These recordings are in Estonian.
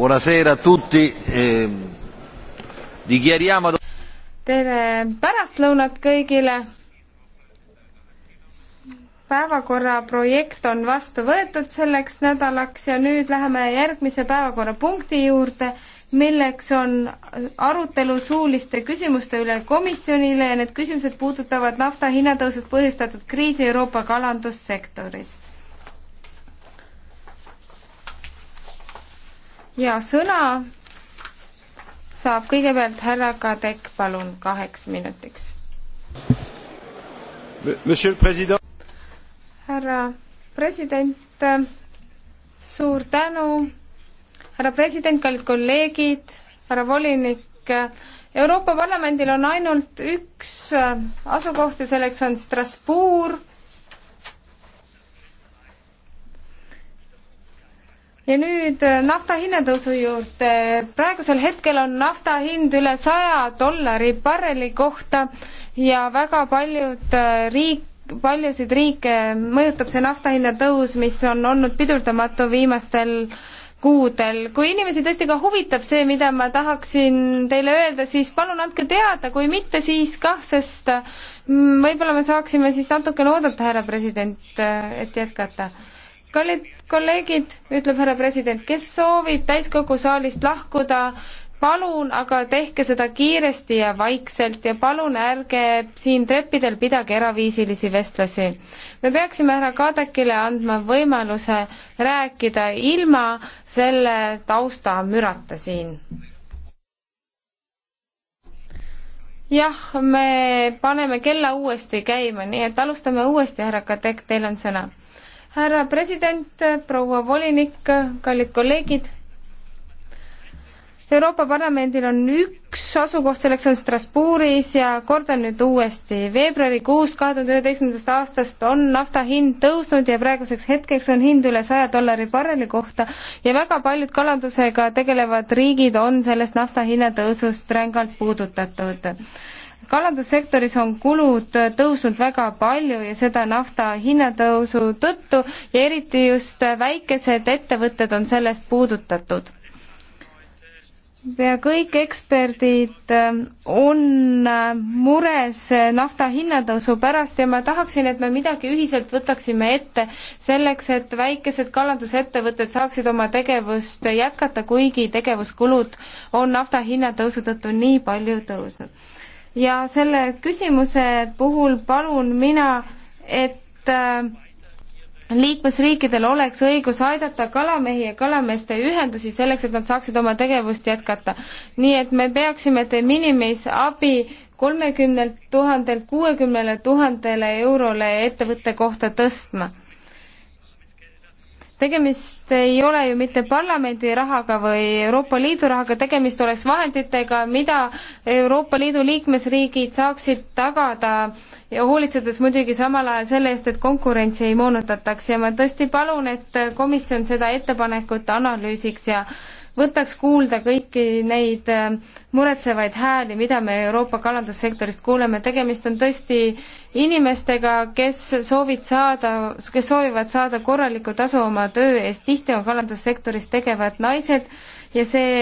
Buonasera a tutti eh,. Dichiariamo. tere pärastlõunat kõigile. päevakorra projekt on vastu võetud selleks nädalaks ja nüüd läheme järgmise päevakorrapunkti juurde, milleks on arutelu suuliste küsimuste üle komisjonile ja need küsimused puudutavad nafta hinnatõusust põhjustatud kriisi Euroopa kalandussektoris ja sõna saab kõigepealt härra Kadek, palun, kaheks minutiks. härra president, suur tänu. härra president, kallid kolleegid, härra volinik, Euroopa Parlamendil on ainult üks asukoht ja selleks on Strasbourg ja nüüd äh, nafta hinnatõusu juurde. praegusel hetkel on nafta hind üle saja dollari barreli kohta ja väga paljud äh, riik, paljusid riike mõjutab see nafta hinna tõus, mis on olnud pidurdamatu viimastel kuudel. kui inimesi tõesti ka huvitab see, mida ma tahaksin teile öelda, siis palun andke teada, kui mitte, siis kah, sest mm, võib-olla me saaksime siis natukene oodata, härra president, äh, et jätkata kallid kolleegid, ütleb härra president, kes soovib täiskogu saalist lahkuda, palun aga tehke seda kiiresti ja vaikselt ja palun ärge siin treppidel pidage eraviisilisi vestlusi. me peaksime härra Kadekile andma võimaluse rääkida ilma selle taustamürata siin. jah, me paneme kella uuesti käima, nii et alustame uuesti, härra Kadek, teil on sõna härra president, proua volinik, kallid kolleegid. Euroopa Parlamendil on üks asukoht, selleks on Strasbourgis ja kordan nüüd uuesti, veebruarikuust kahe tuhande üheteistkümnendast aastast on nafta hind tõusnud ja praeguseks hetkeks on hind üle saja dollari barreli kohta ja väga paljud kalandusega tegelevad riigid on sellest nafta hinna tõusust rängalt puudutatud kalandussektoris on kulud tõusnud väga palju ja seda nafta hinnatõusu tõttu ja eriti just väikesed ettevõtted on sellest puudutatud. pea kõik eksperdid ähm, on äh, mures nafta hinnatõusu pärast ja ma tahaksin, et me midagi ühiselt võtaksime ette selleks, et väikesed kalandusettevõtted saaksid oma tegevust jätkata, kuigi tegevuskulud on nafta hinnatõusu tõttu nii palju tõusnud ja selle küsimuse puhul palun mina, et äh, liikmesriikidel oleks õigus aidata kalamehi ja kalameeste ühendusi selleks, et nad saaksid oma tegevust jätkata. nii et me peaksime de minimis abi kolmekümnelt tuhandelt kuuekümnele tuhandele eurole ettevõtte kohta tõstma tegemist ei ole ju mitte parlamendi rahaga või Euroopa Liidu rahaga, tegemist oleks vahenditega, mida Euroopa Liidu liikmesriigid saaksid tagada ja hoolitsedes muidugi samal ajal selle eest, et konkurentsi ei moonutataks ja ma tõesti palun, et komisjon seda ettepanekut analüüsiks ja võtaks kuulda kõiki neid äh, muretsevaid hääli, mida me Euroopa kalandussektorist kuuleme, tegemist on tõesti inimestega, kes soovid saada, kes soovivad saada korralikku tasu oma töö eest, tihti on kalandussektoris tegevad naised ja see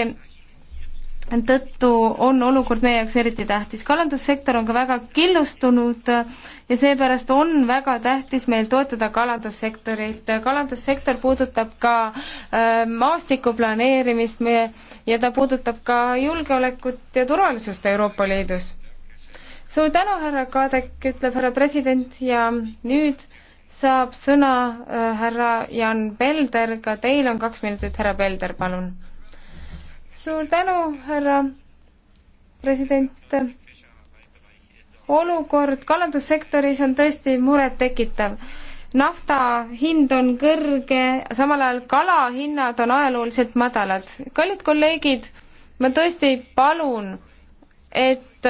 tõttu on olukord meie jaoks eriti tähtis. kalandussektor on ka väga killustunud ja seepärast on väga tähtis meil toetada kalandussektorit. kalandussektor puudutab ka ähm, maastiku planeerimist ja ta puudutab ka julgeolekut ja turvalisust Euroopa Liidus. suur tänu, härra Kadek, ütleb härra president ja nüüd saab sõna äh, härra Jan Pelder, ka teil on kaks minutit, härra Pelder, palun suur tänu, härra president. olukord kalandussektoris on tõesti murettekitav. nafta hind on kõrge, samal ajal kala hinnad on ajalooliselt madalad. kallid kolleegid, ma tõesti palun, et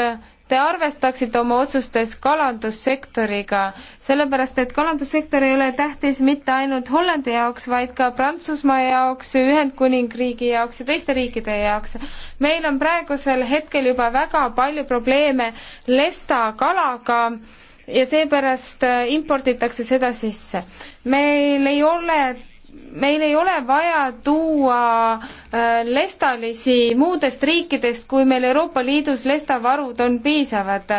te arvestaksite oma otsustes kalandussektoriga, sellepärast et kalandussektor ei ole tähtis mitte ainult Hollandi jaoks, vaid ka Prantsusmaa jaoks, Ühendkuningriigi jaoks ja teiste riikide jaoks. meil on praegusel hetkel juba väga palju probleeme lesta kalaga ja seepärast äh, imporditakse seda sisse. meil ei ole meil ei ole vaja tuua äh, lestalisi muudest riikidest, kui meil Euroopa Liidus lestavarud on piisavad.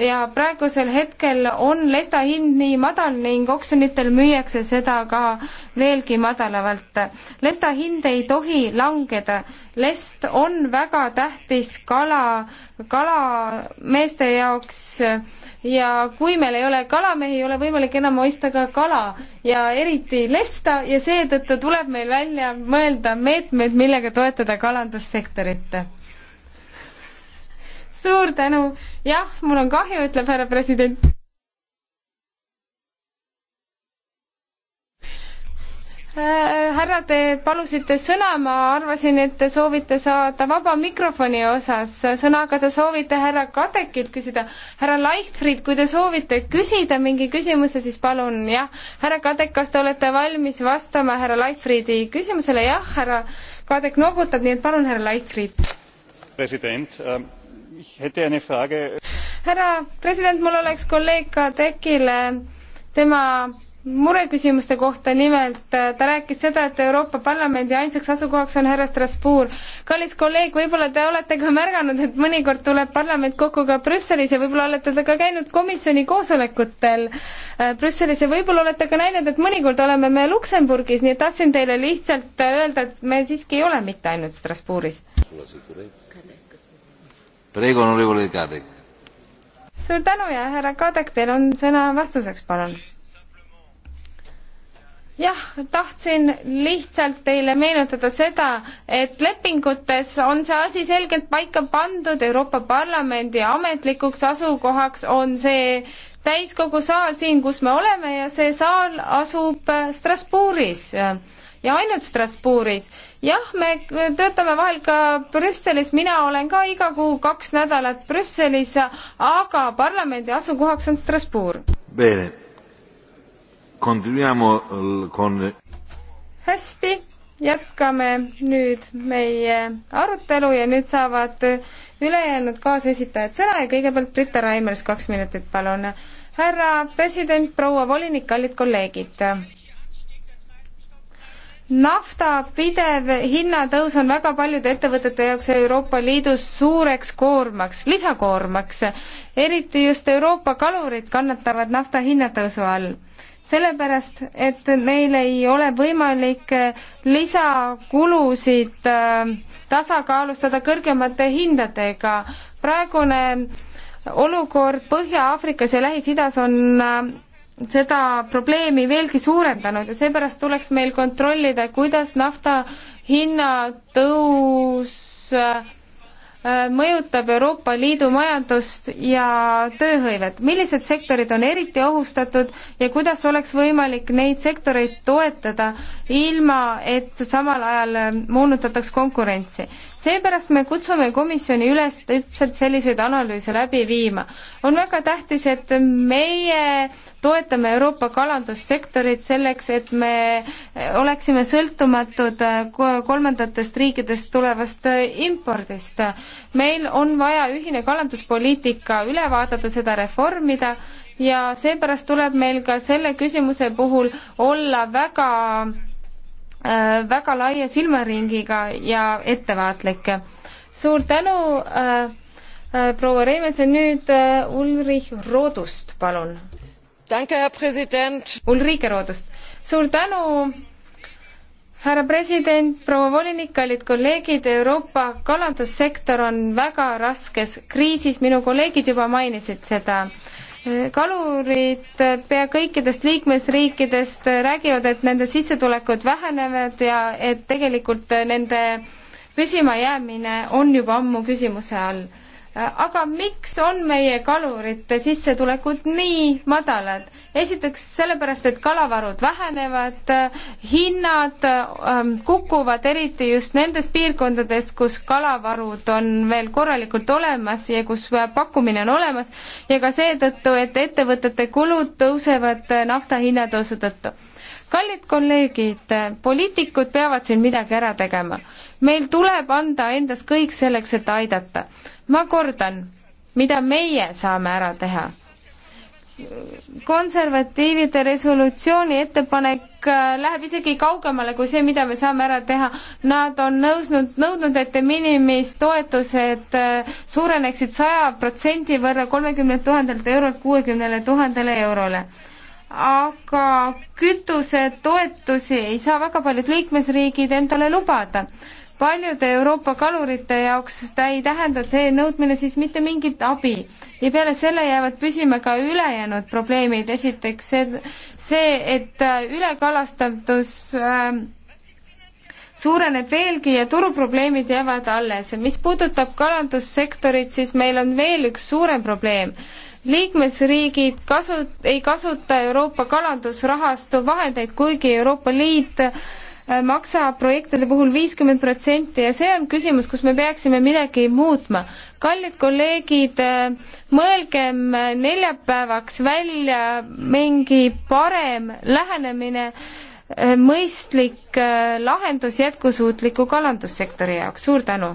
ja praegusel hetkel on lesta hind nii madal ning oksjonitel müüakse seda ka veelgi madalamalt. lesta hind ei tohi langeda. lest on väga tähtis kala, kalameeste jaoks ja kui meil ei ole kalamehi, ei ole võimalik enam osta ka kala ja eriti lesta ja see seetõttu tuleb meil välja mõelda meetmed, millega toetada kalandussektorit. suur tänu, jah, mul on kahju, ütleb härra president Äh, härra, te palusite sõna, ma arvasin, et te soovite saada vaba mikrofoni osas sõna, aga te soovite härra Kadekilt küsida. härra Leichtfried, kui te soovite küsida mingi küsimuse, siis palun, jah. härra Kadek, kas te olete valmis vastama härra Leichtfriedi küsimusele? jah, härra Kadek noogutab, nii et palun, härra Leichtfried. president ähm,, härra president, mul oleks kolleeg Kadekile tema mureküsimuste kohta nimelt, äh, ta rääkis seda, et Euroopa Parlamendi ainsaks asukohaks on härra Strasbourg. kallis kolleeg, võib-olla te olete ka märganud, et mõnikord tuleb parlament kokku ka Brüsselis ja võib-olla olete te ka käinud komisjoni koosolekutel äh, Brüsselis ja võib-olla olete ka näinud, et mõnikord oleme me Luksemburgis, nii et tahtsin teile lihtsalt äh, öelda, et me siiski ei ole mitte ainult Strasbourgis. suur tänu ja härra Kadek, teil on sõna vastuseks, palun jah, tahtsin lihtsalt teile meenutada seda, et lepingutes on see asi selgelt paika pandud, Euroopa Parlamendi ametlikuks asukohaks on see täiskogu saal siin, kus me oleme ja see saal asub Strasbourgis ja ainult Strasbourgis. jah, me töötame vahel ka Brüsselis, mina olen ka iga kuu kaks nädalat Brüsselis, aga parlamendi asukohaks on Strasbourg. Bene Continuiamo eh, con... hästi, jätkame nüüd meie arutelu ja nüüd saavad ülejäänud kaasesitajad sõna ja kõigepealt Brita Raimers, kaks minutit, palun. härra president, proua volinik, kallid kolleegid nafta pidev hinnatõus on väga paljude ettevõtete jaoks Euroopa Liidus suureks koormaks, lisakoormaks. eriti just Euroopa kalurid kannatavad nafta hinnatõusu all sellepärast, et neil ei ole võimalik lisakulusid äh, tasakaalustada kõrgemate hindadega. praegune olukord Põhja-Aafrikas ja Lähis-Idas on äh, seda probleemi veelgi suurendanud ja seepärast tuleks meil kontrollida, kuidas nafta hinna tõus äh, Äh, mõjutab Euroopa Liidu majandust ja tööhõivet. millised sektorid on eriti ohustatud ja kuidas oleks võimalik neid sektoreid toetada, ilma et samal ajal äh, moonutataks konkurentsi? seepärast me kutsume komisjoni üles täpselt selliseid analüüse läbi viima. on väga tähtis, et meie toetame Euroopa kalandussektorit selleks, et me äh, oleksime sõltumatud kolmandatest riikidest tulevast impordist meil on vaja ühine kalanduspoliitika üle vaadata, seda reformida ja seepärast tuleb meil ka selle küsimuse puhul olla väga äh, väga laia silmaringiga ja ettevaatlik. suur tänu äh,, äh, proua Reimets ja nüüd äh, Ulrich Roodust, palun. Ulrike Roodust, suur tänu härra president, proua volinik, kallid kolleegid, Euroopa kalandussektor on väga raskes kriisis, minu kolleegid juba mainisid seda kalurid pea kõikidest liikmesriikidest räägivad, et nende sissetulekud vähenevad ja et tegelikult nende püsimajäämine on juba ammu küsimuse all aga miks on meie kalurite sissetulekud nii madalad? esiteks sellepärast, et kalavarud vähenevad, hinnad ähm, kukuvad, eriti just nendes piirkondades, kus kalavarud on veel korralikult olemas ja kus pakkumine on olemas ja ka seetõttu, et ettevõtete kulud tõusevad äh, nafta hinnatõusu tõttu kallid kolleegid, äh, poliitikud peavad siin midagi ära tegema. meil tuleb anda endast kõik selleks, et aidata ma kordan, mida meie saame ära teha. konservatiivide resolutsiooni ettepanek äh, läheb isegi kaugemale kui see, mida me saame ära teha. Nad on nõusnud, nõudnud, et de minimis toetused äh, suureneksid saja protsendi võrra kolmekümnelt tuhandelt eurolt kuuekümnele tuhandele eurole aga kütusetoetusi ei saa väga paljud liikmesriigid endale lubada paljude Euroopa kalurite jaoks ta ei tähenda see nõudmine siis mitte mingit abi. ja peale selle jäävad püsima ka ülejäänud probleemid, esiteks see, see, et äh, ülekalastatus äh, suureneb veelgi ja turuprobleemid jäävad alles. mis puudutab kalandussektorit, siis meil on veel üks suurem probleem liikmesriigid kasu-, ei kasuta Euroopa kalandusrahastu vahendeid, kuigi Euroopa Liit Äh, maksab projektide puhul viiskümmend protsenti ja see on küsimus, kus me peaksime midagi muutma. kallid kolleegid, äh, mõelgem neljapäevaks välja mingi parem lähenemine, äh, mõistlik lahendus jätkusuutliku kalandussektori jaoks, suur tänu!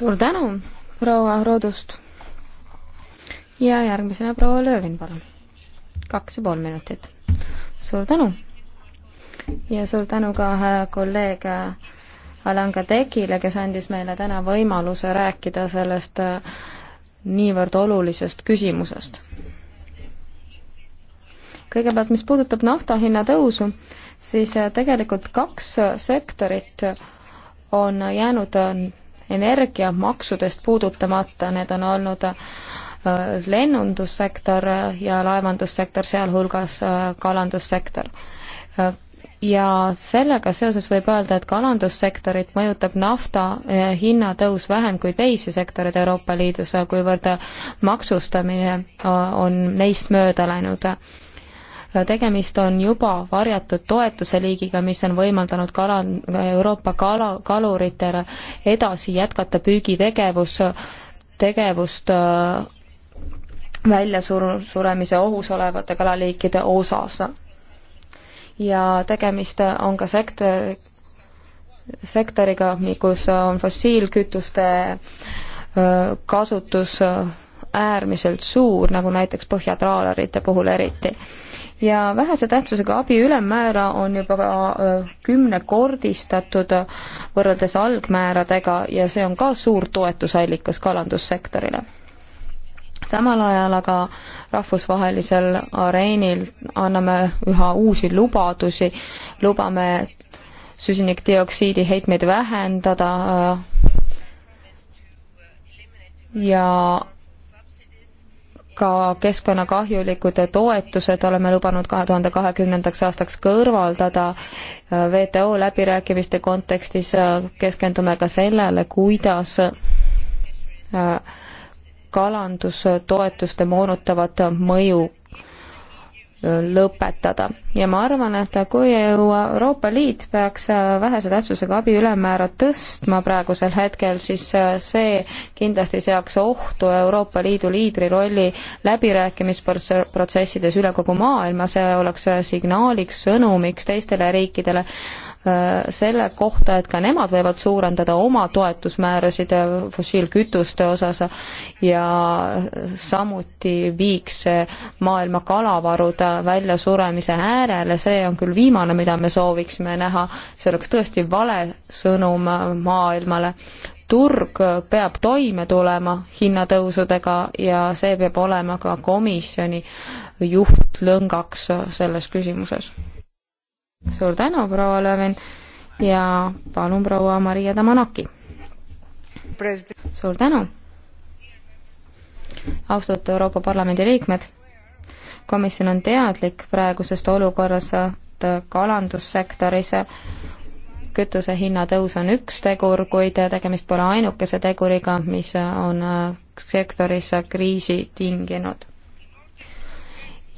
suur tänu, proua Rodust! ja järgmisena proua Löövin, palun. kaks ja pool minutit suur tänu! ja suur tänu ka äh, kolleeg äh, Alan Kadekile, kes andis meile täna võimaluse rääkida sellest äh, niivõrd olulisest küsimusest. kõigepealt, mis puudutab nafta hinna tõusu, siis tegelikult kaks sektorit on jäänud energiamaksudest puudutamata, need on olnud Äh, lennundussektor ja laevandussektor, sealhulgas äh, kalandussektor äh, ja sellega seoses võib öelda, et kalandussektorit mõjutab nafta hinnatõus vähem kui teisi sektoreid Euroopa Liidus, kuivõrd maksustamine on neist mööda läinud. tegemist on juba varjatud toetuse liigiga, mis on võimaldanud kala, Euroopa kala, kaluritele edasi jätkata püügitegevus, tegevust, tegevust väljasuremise ohus olevate kalaliikide osas. ja tegemist on ka sektor, sektoriga, kus on fossiilkütuste kasutus äärmiselt suur, nagu näiteks põhjatraalerite puhul eriti. ja vähese tähtsusega abi ülemmäära on juba ka kümnekordistatud võrreldes algmääradega ja see on ka suur toetusallikas kalandussektorile samal ajal aga rahvusvahelisel areenil anname üha uusi lubadusi, lubame süsinikdioksiidi heitmeid vähendada äh, ja ka keskkonnakahjulikud toetused oleme lubanud kahe tuhande kahekümnendaks aastaks kõrvaldada. WTO läbirääkimiste kontekstis äh, keskendume ka sellele, kuidas äh, kalandustoetuste moonutavat mõju lõpetada. ja ma arvan, et kui Euroopa Liit peaks vähese tähtsusega abi ülemmäära tõstma praegusel hetkel, siis see kindlasti seaks ohtu Euroopa Liidu liidri rolli läbirääkimisprotsessides üle kogu maailma, see oleks signaaliks, sõnumiks teistele riikidele Äh, selle kohta, et ka nemad võivad suurendada oma toetusmäärasid äh, fossiilkütuste osas ja samuti viiks see maailma kalavarud väljasuremise äärele, see on küll viimane, mida me sooviksime näha, see oleks tõesti vale sõnum maailmale turg peab toime tulema hinnatõusudega ja see peab olema ka komisjoni juhtlõngaks selles küsimuses suur tänu, proua Lövin ja palun, proua Maria Damanaki. suur tänu. austatud Euroopa Parlamendi liikmed, komisjon on teadlik praegusest olukorrast kalandussektoris kütuse hinna tõus on üks tegur, kuid tegemist pole ainukese teguriga, mis on sektoris kriisi tinginud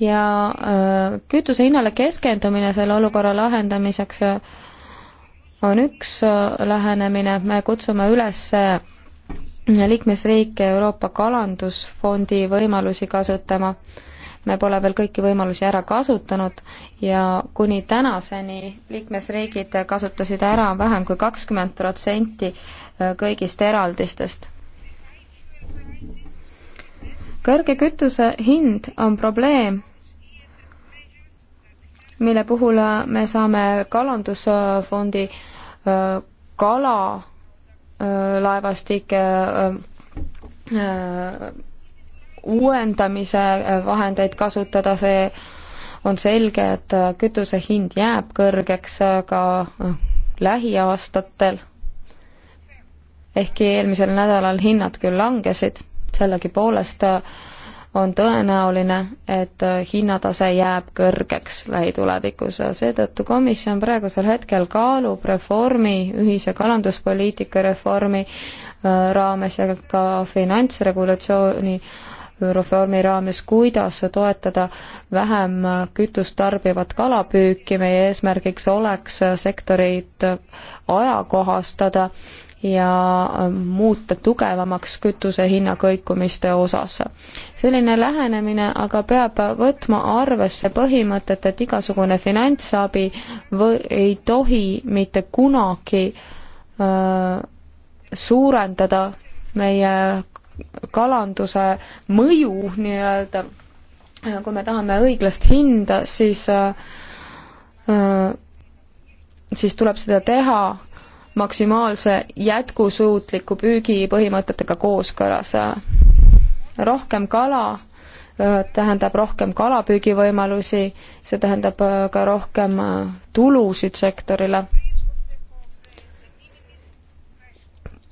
ja äh, kütuse hinnale keskendumine selle olukorra lahendamiseks äh, on üks äh, lähenemine, me kutsume üles liikmesriike Euroopa Kalandusfondi võimalusi kasutama. me pole veel kõiki võimalusi ära kasutanud ja kuni tänaseni liikmesriigid kasutasid ära vähem kui kakskümmend protsenti kõigist eraldistest kõrge kütuse hind on probleem, mille puhul äh, me saame kalandusfondi äh, kalalaevastike äh, uuendamise vahendeid kasutada, see on selge, et kütuse hind jääb kõrgeks ka lähiaastatel. ehkki eelmisel nädalal hinnad küll langesid sellegipoolest äh, on tõenäoline, et äh, hinnatase jääb kõrgeks lähitulevikus. seetõttu komisjon praegusel hetkel kaalub reformi, ühise kalanduspoliitika reformi äh, raames ja ka finantsregulatsiooni reformi raames, kuidas toetada vähem kütust tarbivat kalapüüki, meie eesmärgiks oleks sektorit ajakohastada ja muuta tugevamaks kütuse hinnakõikumiste osas. selline lähenemine aga peab võtma arvesse põhimõtet, et igasugune finantsabi või ei tohi mitte kunagi öö, suurendada meie kalanduse mõju nii-öelda, kui me tahame õiglast hinda, siis öö, siis tuleb seda teha maksimaalse jätkusuutliku püügi põhimõtetega kooskõlas. rohkem kala tähendab rohkem kalapüügivõimalusi, see tähendab ka rohkem tulusid sektorile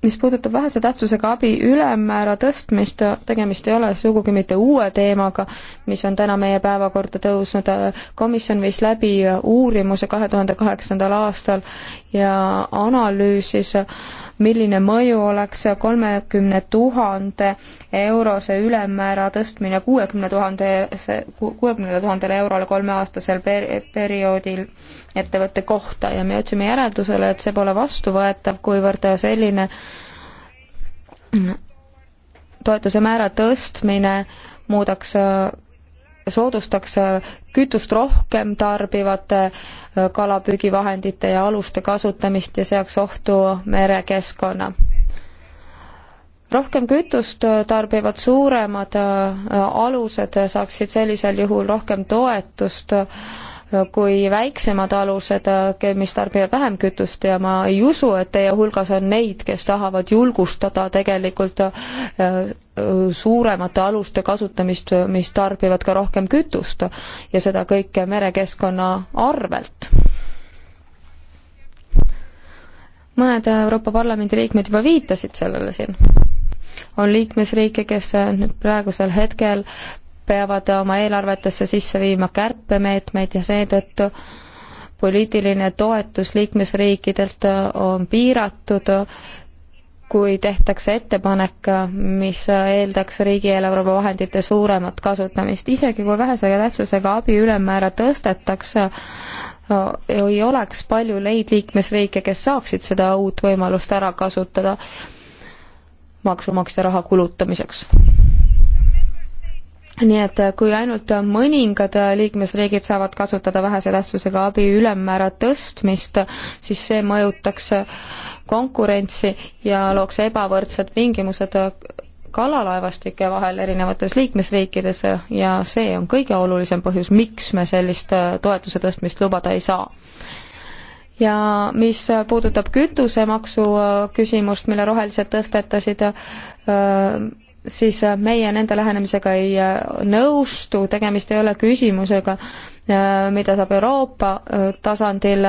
mis puudutab vähese tähtsusega abi ülemmäära tõstmist, tegemist ei ole sugugi mitte uue teemaga, mis on täna meie päevakorda tõusnud, komisjon viis läbi uurimuse kahe tuhande kaheksandal aastal ja analüüsis milline mõju oleks kolmekümne tuhande eurose ülemmäära tõstmine kuuekümne tuhande, kuuekümnele tuhandele eurole kolmeaastasel per-, perioodil ettevõtte kohta ja me jõudsime järeldusele, et see pole vastuvõetav, kuivõrd selline toetuse määra tõstmine muudaks soodustaks äh, kütust rohkem tarbivate äh, kalapüügivahendite ja aluste kasutamist ja seaks ohtu merekeskkonna. rohkem kütust äh, tarbivad suuremad alused saaksid sellisel juhul rohkem toetust kui väiksemad alused, mis tarbivad vähem kütust ja ma ei usu, et teie hulgas on neid, kes tahavad julgustada tegelikult äh, suuremate aluste kasutamist, mis tarbivad ka rohkem kütust ja seda kõike merekeskkonna arvelt. mõned Euroopa Parlamendi liikmed juba viitasid sellele siin on liikmesriike, kes nüüd praegusel hetkel peavad oma eelarvetesse sisse viima kärpemeetmeid ja seetõttu poliitiline toetus liikmesriikidelt on piiratud, kui tehtakse ettepanek, mis eeldaks riigieelarve vahendite suuremat kasutamist. isegi kui vähese tähtsusega abi ülemmäära tõstetakse, ei oleks palju neid liikmesriike, kes saaksid seda uut võimalust ära kasutada maksumaksja raha kulutamiseks nii et äh, kui ainult äh, mõningad äh, liikmesriigid saavad kasutada vähese tähtsusega abi ülemmäära tõstmist, siis see mõjutaks konkurentsi ja looks ebavõrdsed tingimused kalalaevastike vahel erinevates liikmesriikides ja see on kõige olulisem põhjus, miks me sellist toetuse tõstmist lubada ei saa ja mis puudutab kütusemaksu küsimust, mille rohelised tõstetasid, siis äh, meie nende lähenemisega ei äh, nõustu, tegemist ei ole küsimusega, äh, mida saab Euroopa tasandil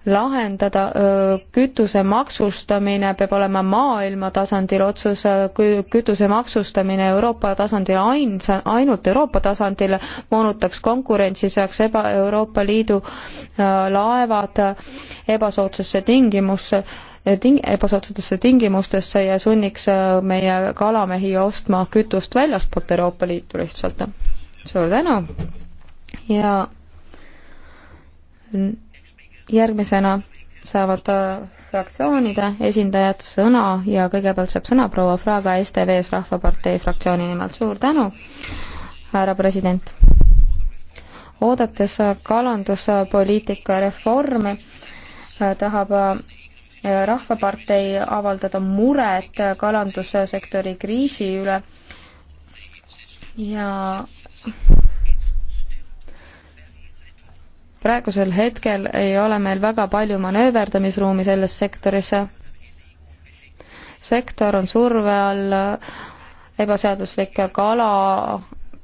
lahendada, kütuse maksustamine peab olema maailma tasandil otsus, kütuse maksustamine Euroopa tasandil ainsa, ainult Euroopa tasandil moonutaks konkurentsi, seaks eba, Euroopa Liidu laevad ebasoodsasse tingimusse ting-, ebasoodsatesse tingimustesse ja sunniks äh, meie kalamehi ostma kütust väljastpoolt Euroopa Liitu lihtsalt. suur tänu ja järgmisena saavad äh, fraktsioonide esindajad sõna ja kõigepealt saab sõna proua Fraga STV-s Rahvapartei fraktsiooni nimel. suur tänu, härra president! oodates kalanduspoliitika reformi, äh, tahab Rahvapartei avaldada muret kalandussektori kriisi üle ja praegusel hetkel ei ole meil väga palju manööverdamisruumi selles sektoris. sektor on surve all, ebaseaduslik kala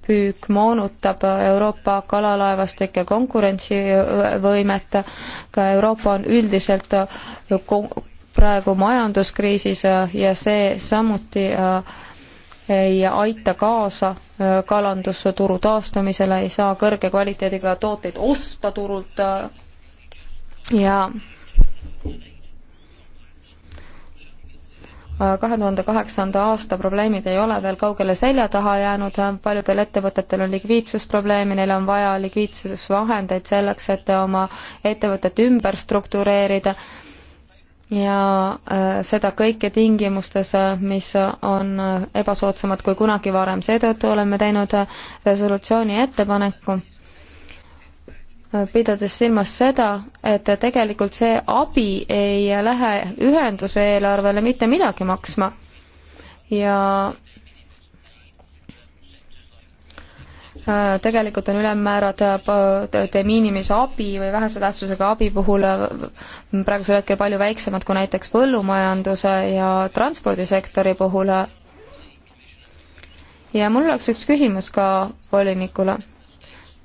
ülepüük moonutab Euroopa kalalaevastike konkurentsivõimet, ka Euroopa on üldiselt praegu majanduskriisis ja see samuti äh, ei aita kaasa äh, kalandusturu taastumisele, ei saa kõrge kvaliteediga tooteid osta turult äh, ja kahe tuhande kaheksanda aasta probleemid ei ole veel kaugele selja taha jäänud, paljudel ettevõtetel on likviidsusprobleeme, neil on vaja likviidsusvahendeid selleks, et oma ettevõtet ümber struktureerida ja äh, seda kõike tingimustes, äh, mis on äh, ebasoodsamad kui kunagi varem, seetõttu oleme teinud resolutsiooni ettepaneku pidades silmas seda, et tegelikult see abi ei lähe ühenduse eelarvele mitte midagi maksma ja äh, tegelikult on ülemmäärad äh, de minimis abi või vähese tähtsusega abi puhul äh, praegusel hetkel palju väiksemad kui näiteks põllumajanduse ja transpordisektori puhul. ja mul oleks üks küsimus ka volinikule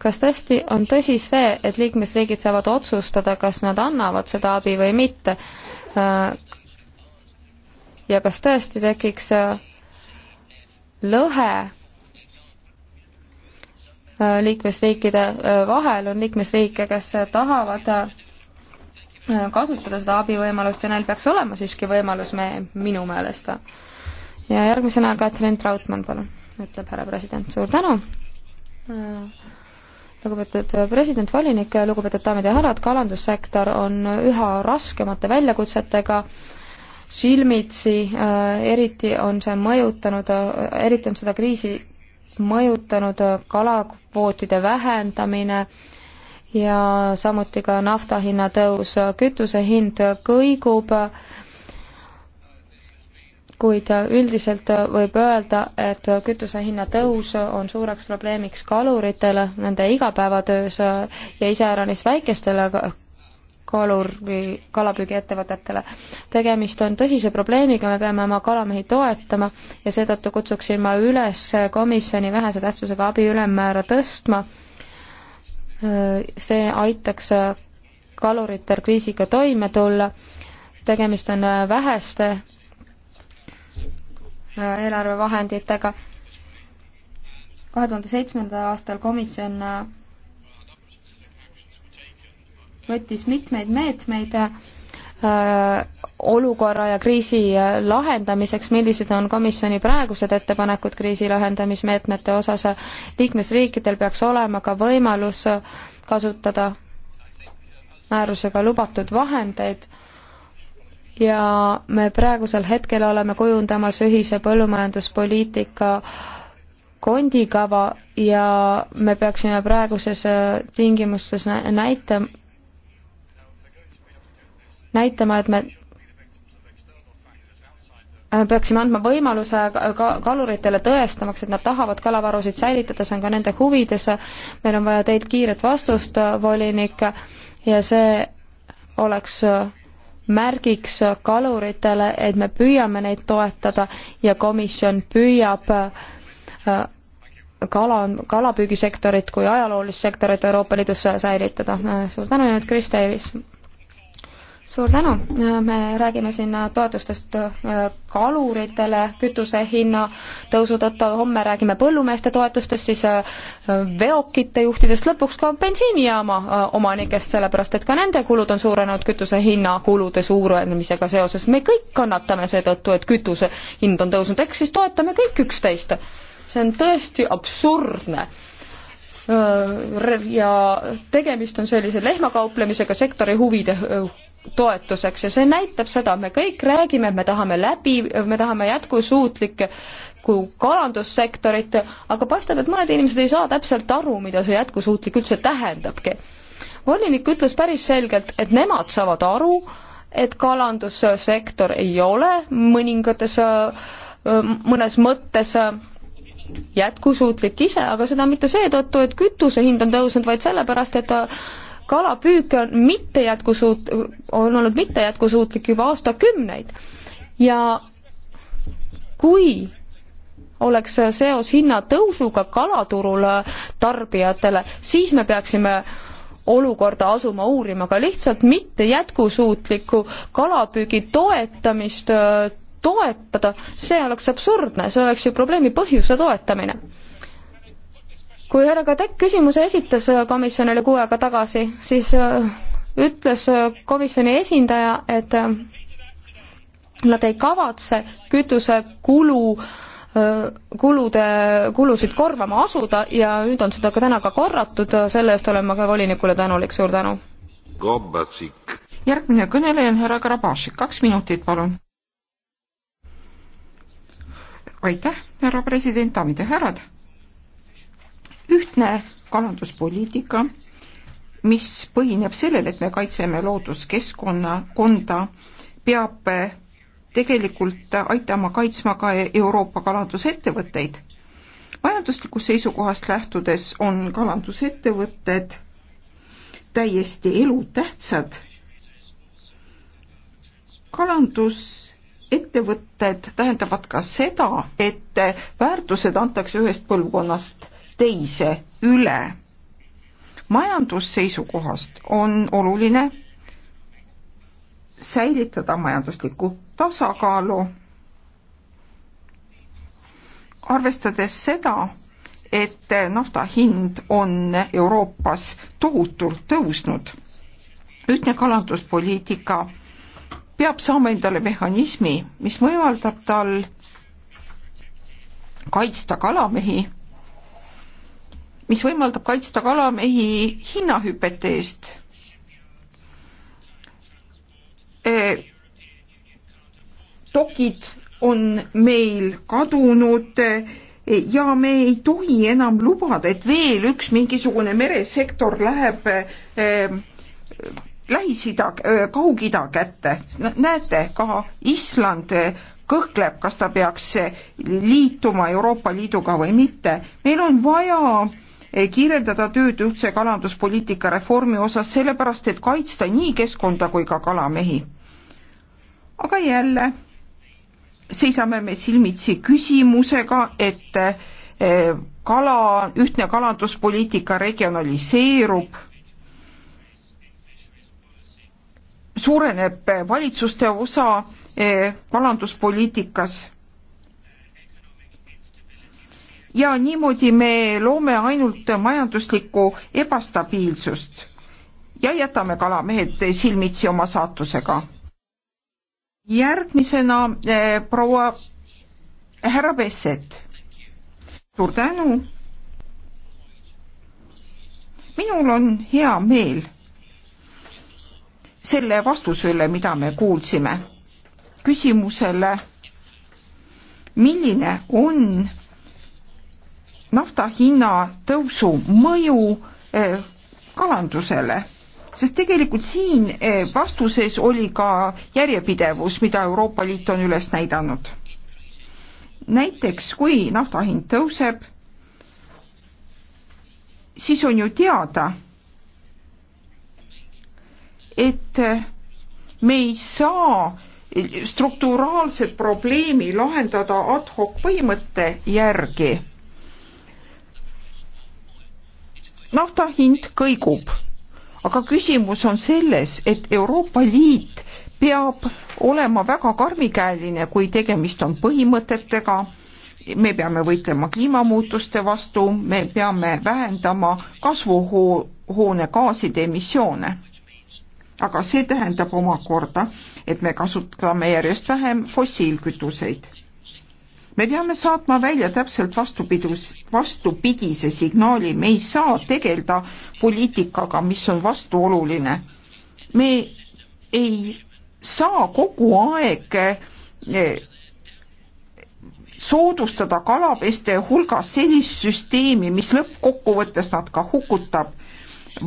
kas tõesti on tõsi see, et liikmesriigid saavad otsustada, kas nad annavad seda abi või mitte? Äh, ja kas tõesti tekiks äh, lõhe äh, liikmesriikide vahel, on liikmesriike, kes tahavad kasutada seda abivõimalust ja neil peaks olema siiski võimalus me, minu meelest. ja järgmisena Katrin Trautmann, palun, ütleb härra president, suur tänu lugupeetud president, volinik, lugupeetud daamid ja härrad, kalandussektor on üha raskemate väljakutsetega silmitsi, äh, eriti on see mõjutanud, äh, eriti on seda kriisi mõjutanud äh, kalakvootide vähendamine ja samuti ka nafta hinna tõus, kütuse hind kõigub kuid äh, üldiselt äh, võib öelda, et äh, kütusehinna tõus on suureks probleemiks kaluritele nende igapäevatöös ja iseäranis väikestele kalur- või kalapüügiettevõtetele. tegemist on tõsise probleemiga, me peame oma kalamehi toetama ja seetõttu kutsuksin ma üles komisjoni vähese tähtsusega abi ülemmäära tõstma. see aitaks kaluritel kriisiga toime tulla. tegemist on väheste eelarvevahenditega. kahe tuhande seitsmendal aastal komisjon äh, võttis mitmeid meetmeid äh, olukorra ja kriisi äh, lahendamiseks, millised on komisjoni praegused ettepanekud kriisi lahendamismeetmete osas, liikmesriikidel peaks olema ka võimalus kasutada määrusega lubatud vahendeid ja me praegusel hetkel oleme kujundamas ühise põllumajanduspoliitika kondikava ja me peaksime praeguses äh, tingimustes näitama, näitama, et me äh, peaksime andma võimaluse ka kaluritele tõestamaks, et nad tahavad kalavarusid säilitada, see on ka nende huvides. meil on vaja teilt kiiret vastust, äh, volinik, ja see oleks märgiks kaluritele, et me püüame neid toetada ja komisjon püüab äh, kala, kalapüügisektorit kui ajaloolist sektorit Euroopa Liidus säilitada. suur tänu ja nüüd Kris Davis suur tänu, me räägime siin toetustest äh, kaluritele kütuse hinna tõusu tõttu, homme räägime põllumeeste toetustest, siis äh, veokite juhtidest, lõpuks ka bensiinijaama äh, omanikest, sellepärast et ka nende kulud on suurenenud kütuse hinna kulude suurenemisega seoses. me kõik kannatame seetõttu, et kütuse hind on tõusnud, eks siis toetame kõik üksteist. see on tõesti absurdne ja tegemist on sellise lehmakauplemisega sektori huvide toetuseks ja see näitab seda, me kõik räägime, et me tahame läbi, me tahame jätkusuutlikke kui kalandussektorit, aga paistab, et mõned inimesed ei saa täpselt aru, mida see jätkusuutlik üldse tähendabki. volinik ütles päris selgelt, et nemad saavad aru, et kalandussektor ei ole mõningates, mõnes mõttes jätkusuutlik ise, aga seda mitte seetõttu, et kütuse hind on tõusnud, vaid sellepärast, et kalapüük on mitte jätkusuut-, on olnud mitte jätkusuutlik juba aastakümneid ja kui oleks seos hinnatõusuga kalaturul tarbijatele, siis me peaksime olukorda asuma uurima ka lihtsalt mitte jätkusuutliku kalapüügi toetamist toetada, see oleks absurdne, see oleks ju probleemi põhjuse toetamine kui härra Kadek küsimuse esitas äh, komisjonile kuu aega tagasi, siis äh, ütles äh, komisjoni esindaja, et nad ei kavatse kütusekulu kulude, kulusid korvama asuda ja nüüd on seda ka täna ka korratud, selle eest olen ma ka volinikule tänulik, suur tänu. järgmine kõneleja on härra Karabašik, kaks minutit, palun. aitäh, härra president, daamid ja härrad ühtne kalanduspoliitika, mis põhineb sellel, et me kaitseme looduskeskkonna, konda, peab tegelikult aitama kaitsma ka Euroopa kalandusettevõtteid. majanduslikust seisukohast lähtudes on kalandusettevõtted täiesti elutähtsad. kalandusettevõtted tähendavad ka seda, et väärtused antakse ühest põlvkonnast teise üle. majandusseisukohast on oluline säilitada majanduslikku tasakaalu, arvestades seda, et nafta hind on Euroopas tohutult tõusnud. ühtne kalanduspoliitika peab saama endale mehhanismi, mis võimaldab tal kaitsta kalamehi mis võimaldab kaitsta kalamehi hinnahüpete eest e,. dokid on meil kadunud ja me ei tohi enam lubada, et veel üks mingisugune meresektor läheb eh, Lähis-Ida, Kaug-Ida kätte. näete, ka Island kõhkleb, kas ta peaks liituma Euroopa Liiduga või mitte. meil on vaja eh, Eh, kiirendada tööd ühtse kalanduspoliitika reformi osas, sellepärast et kaitsta nii keskkonda kui ka kalamehi. aga jälle seisame me silmitsi küsimusega, et eh, kala, ühtne kalanduspoliitika regionaliseerub, suureneb valitsuste osa eh, kalanduspoliitikas ja niimoodi me loome ainult majanduslikku ebastabiilsust ja jätame kalamehed silmitsi oma saatusega. järgmisena äh, proua härra Pesset. suur tänu. minul on hea meel selle vastuse üle, mida me kuulsime. küsimusele, milline on nafta hinna tõusu mõju eh, kalandusele? sest tegelikult siin eh, vastuses oli ka järjepidevus, mida Euroopa Liit on üles näidanud. näiteks kui nafta hind tõuseb, siis on ju teada, et eh, me ei saa strukturaalset probleemi lahendada ad hoc põhimõtte järgi. nafta hind kõigub, aga küsimus on selles, et Euroopa Liit peab olema väga karmikäeline, kui tegemist on põhimõtetega, me peame võitlema kliimamuutuste vastu, me peame vähendama kasvuhoonegaaside emissioone. aga see tähendab omakorda, et me kasutame järjest vähem fossiilkütuseid me peame saatma välja täpselt vastupidus, vastupidise signaali, me ei saa tegeleda poliitikaga, mis on vastuoluline. me ei saa kogu aeg eh, soodustada kalapeste hulgas sellist süsteemi, mis lõppkokkuvõttes nad ka hukutab.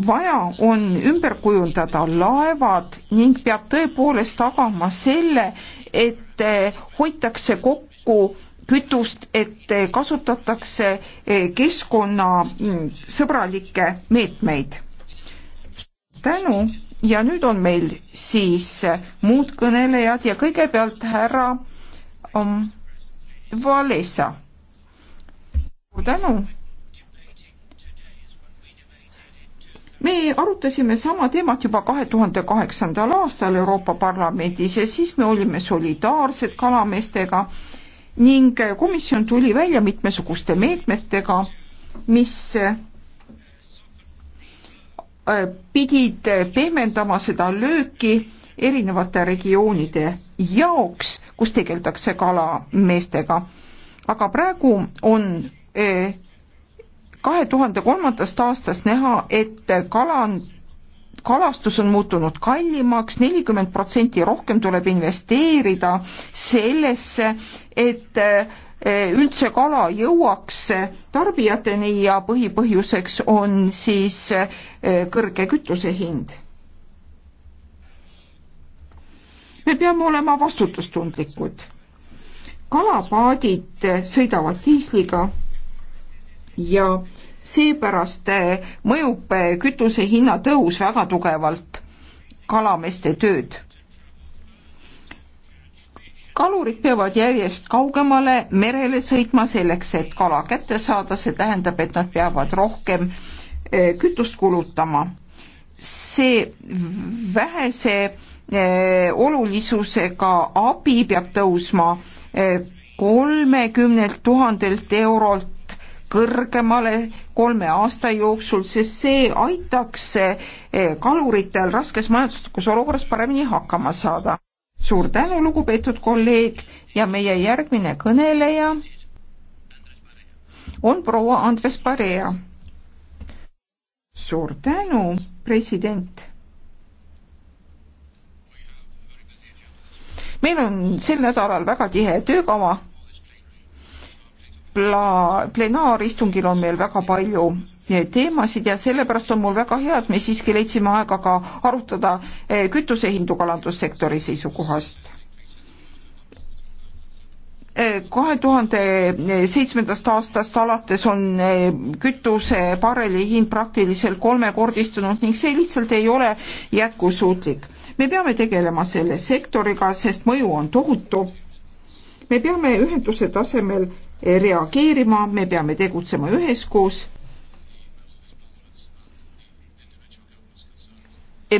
vaja on ümber kujundada laevad ning peab tõepoolest tagama selle, et eh, hoitakse kokku kütust, et kasutatakse eh, keskkonnasõbralikke meetmeid. tänu ja nüüd on meil siis muud kõnelejad ja kõigepealt härra um, Valesa. suur tänu. me arutasime sama teemat juba kahe tuhande kaheksandal aastal Euroopa Parlamendis ja siis me olime solidaarsed kalameestega ning komisjon tuli välja mitmesuguste meetmetega, mis äh, pidid pehmendama seda lööki erinevate regioonide jaoks, kus tegeldakse kalameestega. aga praegu on äh, kahe tuhande kolmandast aastast näha, et kaland kalastus on muutunud kallimaks, nelikümmend protsenti rohkem tuleb investeerida sellesse, et eh, üldse kala jõuaks tarbijateni ja põhipõhjuseks on siis eh, kõrge kütuse hind. me peame olema vastutustundlikud. kalapaadid sõidavad diisliga ja äh, seepärast eh, mõjub eh, kütuse hinna tõus väga tugevalt kalameeste tööd. kalurid peavad järjest kaugemale merele sõitma selleks, et kala kätte saada, see tähendab, et nad peavad rohkem eh, kütust kulutama. see vähese olulisusega abi peab tõusma kolmekümnelt tuhandelt eurolt kõrgemale kolme aasta jooksul, sest see aitaks eh, kaluritel raskes majanduslikus olukorras paremini hakkama saada. suur tänu, lugupeetud kolleeg ja meie järgmine kõneleja on proua Andres Parea. suur tänu, president meil on sel nädalal väga tihe töökava pla-, plenaaristungil on meil väga palju teemasid ja sellepärast on mul väga hea, et me siiski leidsime aega ka arutada eh, kütusehindu kalandussektori seisukohast eh, kahe tuhande eh, seitsmendast aastast alates on kütuse barreli hind praktiliselt kolmekordistunud ning see lihtsalt ei ole jätkusuutlik. me peame tegelema selle sektoriga, sest mõju on tohutu. me peame ühenduse tasemel reageerima, me peame tegutsema üheskoos.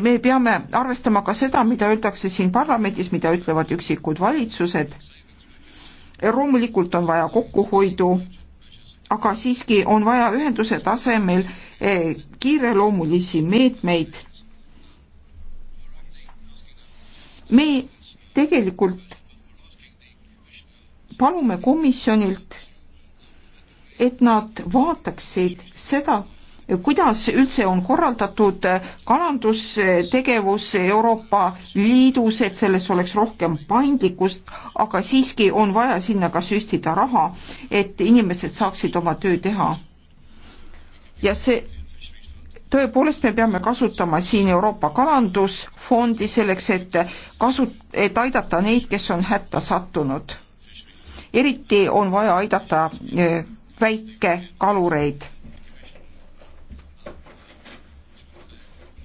me peame arvestama ka seda, mida öeldakse siin parlamendis, mida ütlevad üksikud valitsused. loomulikult on vaja kokkuhoidu, aga siiski on vaja ühenduse tasemel eh, kiireloomulisi meetmeid. me tegelikult palume komisjonilt, et nad vaataksid seda, kuidas üldse on korraldatud kalandustegevus Euroopa Liidus, et selles oleks rohkem paindlikkust, aga siiski on vaja sinna ka süstida raha, et inimesed saaksid oma töö teha. ja see, tõepoolest me peame kasutama siin Euroopa Kalandusfondi selleks, et kasu, et aidata neid, kes on hätta sattunud eriti on vaja aidata e, väikekalureid.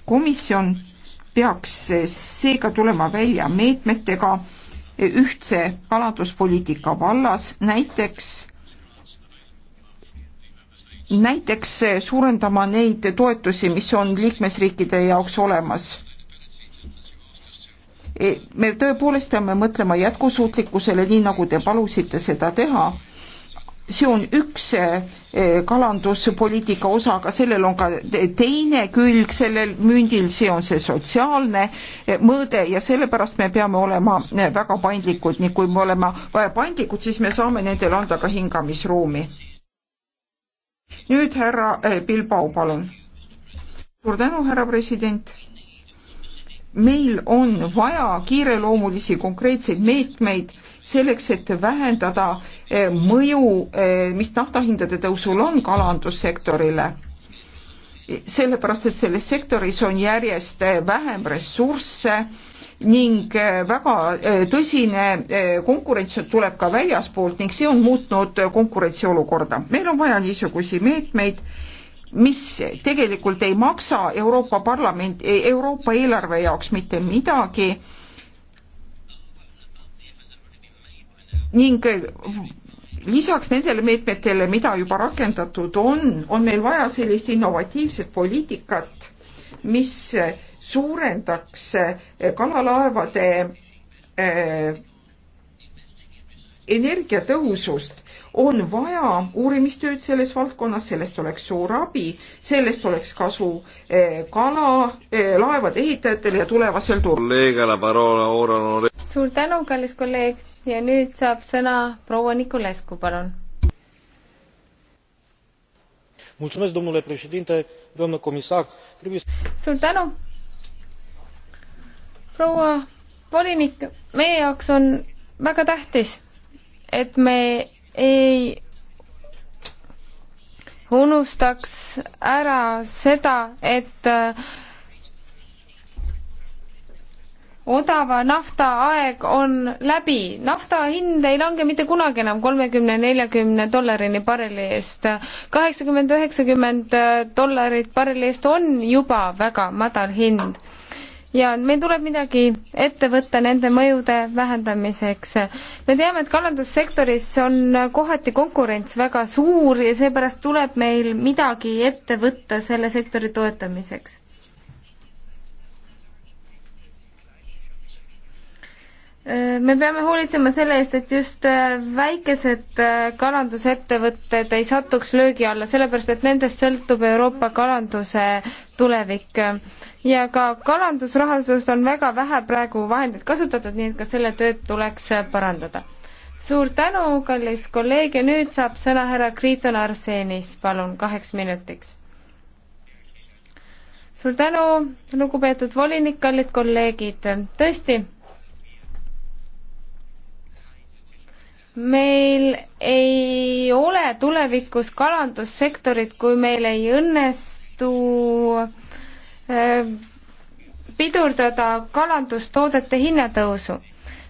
komisjon peaks e, seega tulema välja meetmetega e, ühtse kalanduspoliitika vallas, näiteks näiteks suurendama neid toetusi, mis on liikmesriikide jaoks olemas E, me tõepoolest peame mõtlema jätkusuutlikkusele, nii nagu te palusite seda teha. see on üks e, e, kalanduspoliitika osa, aga sellel on ka teine külg sellel mündil, see on see sotsiaalne mõõde ja sellepärast me peame olema väga paindlikud, nii kui me oleme paindlikud, siis me saame nendele anda ka hingamisruumi. nüüd härra Bilbao, palun. suur tänu, härra president meil on vaja kiireloomulisi konkreetseid meetmeid selleks, et vähendada eh, mõju, eh, mis naftahindade tõusul on kalandussektorile. sellepärast, et selles sektoris on järjest eh, vähem ressursse ning väga tõsine konkurents tuleb ka väljaspoolt ning see on muutnud konkurentsiolukorda. meil on vaja niisuguseid meetmeid mis tegelikult ei maksa Euroopa Parlament, Euroopa eelarve jaoks mitte midagi ning lisaks nendele meetmetele, mida juba rakendatud on, on meil vaja sellist innovatiivset poliitikat, mis suurendaks kalalaevade eh, energiatõhusust on vaja uurimistööd selles valdkonnas, sellest oleks suur abi, sellest oleks kasu eh, kala, eh, laevade ehitajatele ja tulevasel turul. suur tänu, kallis kolleeg ja nüüd saab sõna proua Nikolescu, palun. suur tänu, proua volinik, meie jaoks on väga tähtis, et me ei unustaks ära seda, et äh, odava nafta aeg on läbi. nafta hind ei lange mitte kunagi enam kolmekümne, neljakümne dollarini barreli eest. kaheksakümmend, üheksakümmend dollarit barreli eest on juba väga madal hind ja meil tuleb midagi ette võtta nende mõjude vähendamiseks. me teame, et kalandussektoris on kohati konkurents väga suur ja seepärast tuleb meil midagi ette võtta selle sektori toetamiseks. me peame hoolitsema selle eest, et just äh, väikesed äh, kalandusettevõtted ei satuks löögi alla, sellepärast et nendest sõltub Euroopa kalanduse tulevik. ja ka kalandusrahastust on väga vähe praegu vahendeid kasutatud, nii et ka selle tööd tuleks äh, parandada. suur tänu, kallis kolleeg ja nüüd saab sõna härra Kriiton Arsenis, palun, kaheks minutiks. suur tänu, lugupeetud volinik, kallid kolleegid, tõesti meil ei ole tulevikus kalandussektorit, kui meil ei õnnestu äh, pidurdada kalandustoodete hinnatõusu.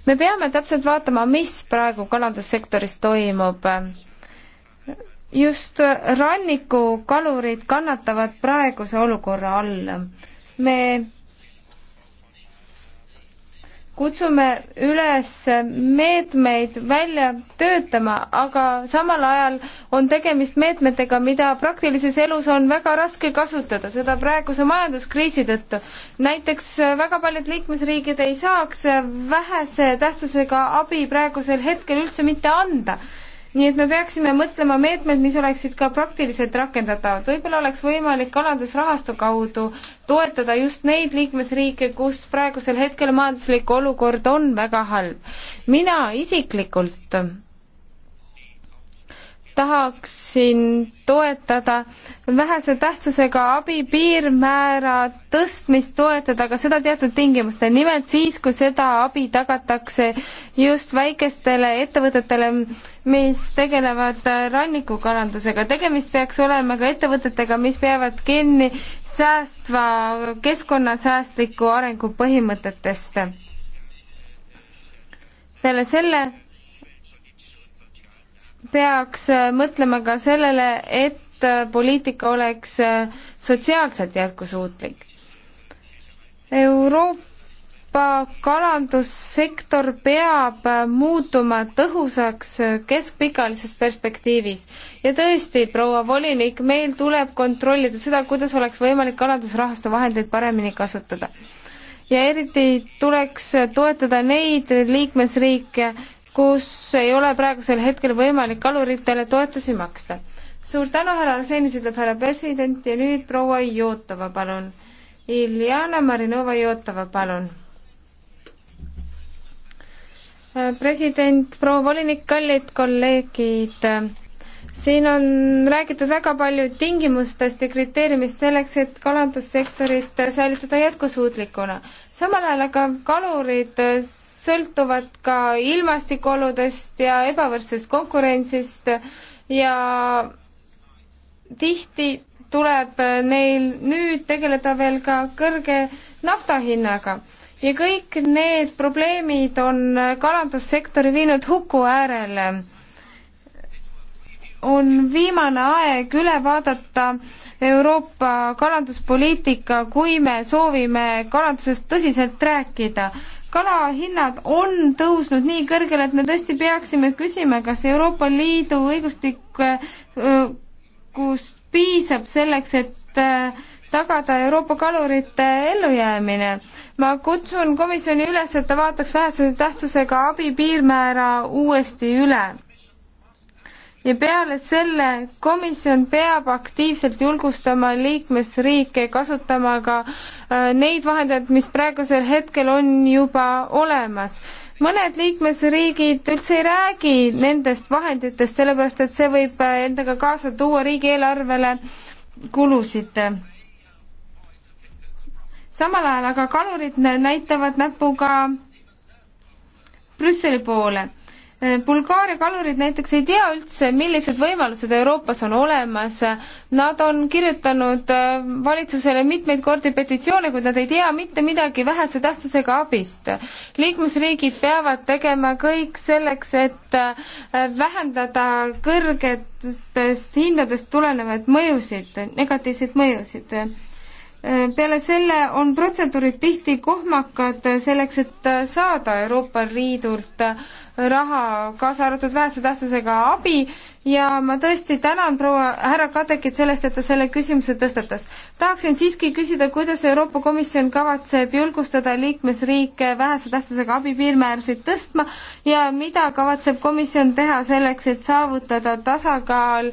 me peame täpselt vaatama, mis praegu kalandussektoris toimub. just rannikukalurid kannatavad praeguse olukorra all. me kutsume üles meetmeid välja töötama, aga samal ajal on tegemist meetmetega, mida praktilises elus on väga raske kasutada, seda praeguse majanduskriisi tõttu. näiteks väga paljud liikmesriigid ei saaks vähese tähtsusega abi praegusel hetkel üldse mitte anda nii et me peaksime mõtlema meetmed, mis oleksid ka praktiliselt rakendatavad. võib-olla oleks võimalik kalandusrahastu kaudu toetada just neid liikmesriike, kus praegusel hetkel majanduslik olukord on väga halb. mina isiklikult tahaksin toetada vähese tähtsusega abi piirmäära tõstmist toetada, aga seda teatud tingimustel. nimelt siis, kui seda abi tagatakse just väikestele ettevõtetele, mis tegelevad rannikukalandusega. tegemist peaks olema ka ettevõtetega, mis peavad kinni säästva, keskkonnasäästliku arengu põhimõtetest. peale selle peaks äh, mõtlema ka sellele, et äh, poliitika oleks äh, sotsiaalselt jätkusuutlik. Euroopa kalandussektor peab muutuma tõhusaks keskpikalises perspektiivis ja tõesti, proua volinik, meil tuleb kontrollida seda, kuidas oleks võimalik kalandusrahastu vahendeid paremini kasutada ja eriti tuleks toetada neid liikmesriike, kus ei ole praegusel hetkel võimalik kaluritele toetusi maksta. suur tänu, härra Arsenis, ütleb härra president ja nüüd proua Jotova, palun. Iljana Marinova Jotova, palun. Äh, president, proua volinik, kallid kolleegid siin on räägitud väga palju tingimustest ja kriteeriumist selleks, et kalandussektorit säilitada jätkusuutlikuna. samal ajal aga kalurid sõltuvad ka ilmastikuoludest ja ebavõrdsest konkurentsist ja tihti tuleb neil nüüd tegeleda veel ka kõrge naftahinnaga. ja kõik need probleemid on kalandussektori viinud huku äärele. on viimane aeg üle vaadata Euroopa kalanduspoliitika, kui me soovime kalandusest tõsiselt rääkida kalahinnad on tõusnud nii kõrgele, et me tõesti peaksime küsima, kas Euroopa Liidu õigustik, kus piisab selleks, et tagada Euroopa kalurite ellujäämine. ma kutsun komisjoni üles, et ta vaataks vähese tähtsusega abi piirmäära uuesti üle ja peale selle komisjon peab aktiivselt julgustama liikmesriike kasutama ka äh, neid vahendeid, mis praegusel hetkel on juba olemas. mõned liikmesriigid üldse ei räägi nendest vahenditest, sellepärast et see võib äh, endaga kaasa tuua riigieelarvele kulusid. samal ajal aga kalurid näitavad näpuga Brüsseli poole Bulgaaria kalurid näiteks ei tea üldse, millised võimalused Euroopas on olemas. Nad on kirjutanud äh, valitsusele mitmeid kordi petitsioone, kuid nad ei tea mitte midagi vähese tähtsusega abist. liikmesriigid peavad tegema kõik selleks, et äh, vähendada kõrgetest hindadest tulenevaid mõjusid, negatiivseid mõjusid peale selle on protseduurid tihti kohmakad selleks, et saada Euroopa Liidult raha, kaasa arvatud vähese tähtsusega abi ja ma tõesti tänan proua härra Kadekit sellest, et ta selle küsimuse tõstatas. tahaksin siiski küsida, kuidas Euroopa Komisjon kavatseb julgustada liikmesriike vähese tähtsusega abi piirmäärasid tõstma ja mida kavatseb komisjon teha selleks, et saavutada tasakaal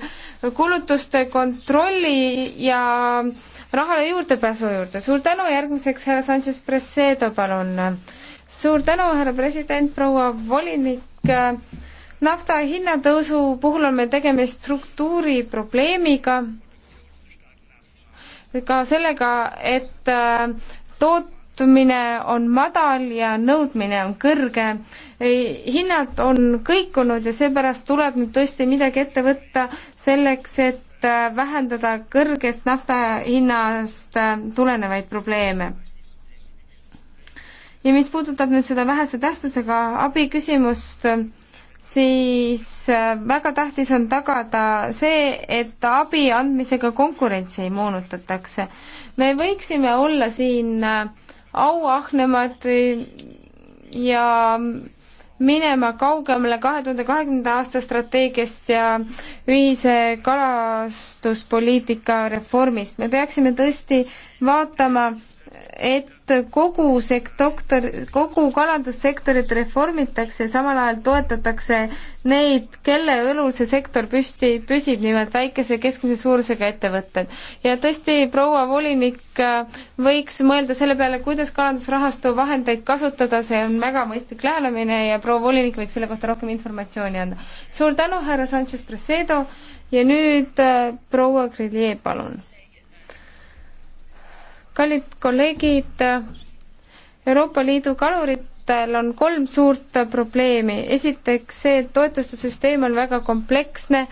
kulutuste kontrolli ja äh, rahale juurdepääsu juurde. suur tänu, järgmiseks härra Sanchez Presedo, palun. suur tänu, härra president, proua volinik. nafta hinnatõusu puhul on meil tegemist struktuuriprobleemiga, ka sellega, et äh, toot-, pakkumine on madal ja nõudmine on kõrge. hinnad on kõikunud ja seepärast tuleb nüüd tõesti midagi ette võtta selleks, et et äh, vähendada kõrgest nafta hinnast äh, tulenevaid probleeme. ja mis puudutab nüüd seda vähese tähtsusega abi küsimust, siis äh, väga tähtis on tagada see, et abi andmisega konkurentsi ei moonutatakse. me võiksime olla siin auahnemad ja minema kaugemale kahe tuhande kahekümnenda aasta strateegiast ja ühise kalastuspoliitika reformist. me peaksime tõesti vaatama, et kogu sektor, kogu kalandussektorit reformitakse ja samal ajal toetatakse neid, kelle õlul see sektor püsti püsib, nimelt väikese ja keskmise suurusega ettevõtted. ja tõesti, proua volinik võiks mõelda selle peale, kuidas kalandusrahastu vahendeid kasutada, see on väga mõistlik lähenemine ja proua volinik võiks selle kohta rohkem informatsiooni anda. suur tänu, härra Sanchez Presedo ja nüüd proua Grillier, palun kallid kolleegid, Euroopa Liidu kaluritel on kolm suurt probleemi. esiteks see, et toetuste süsteem on väga kompleksne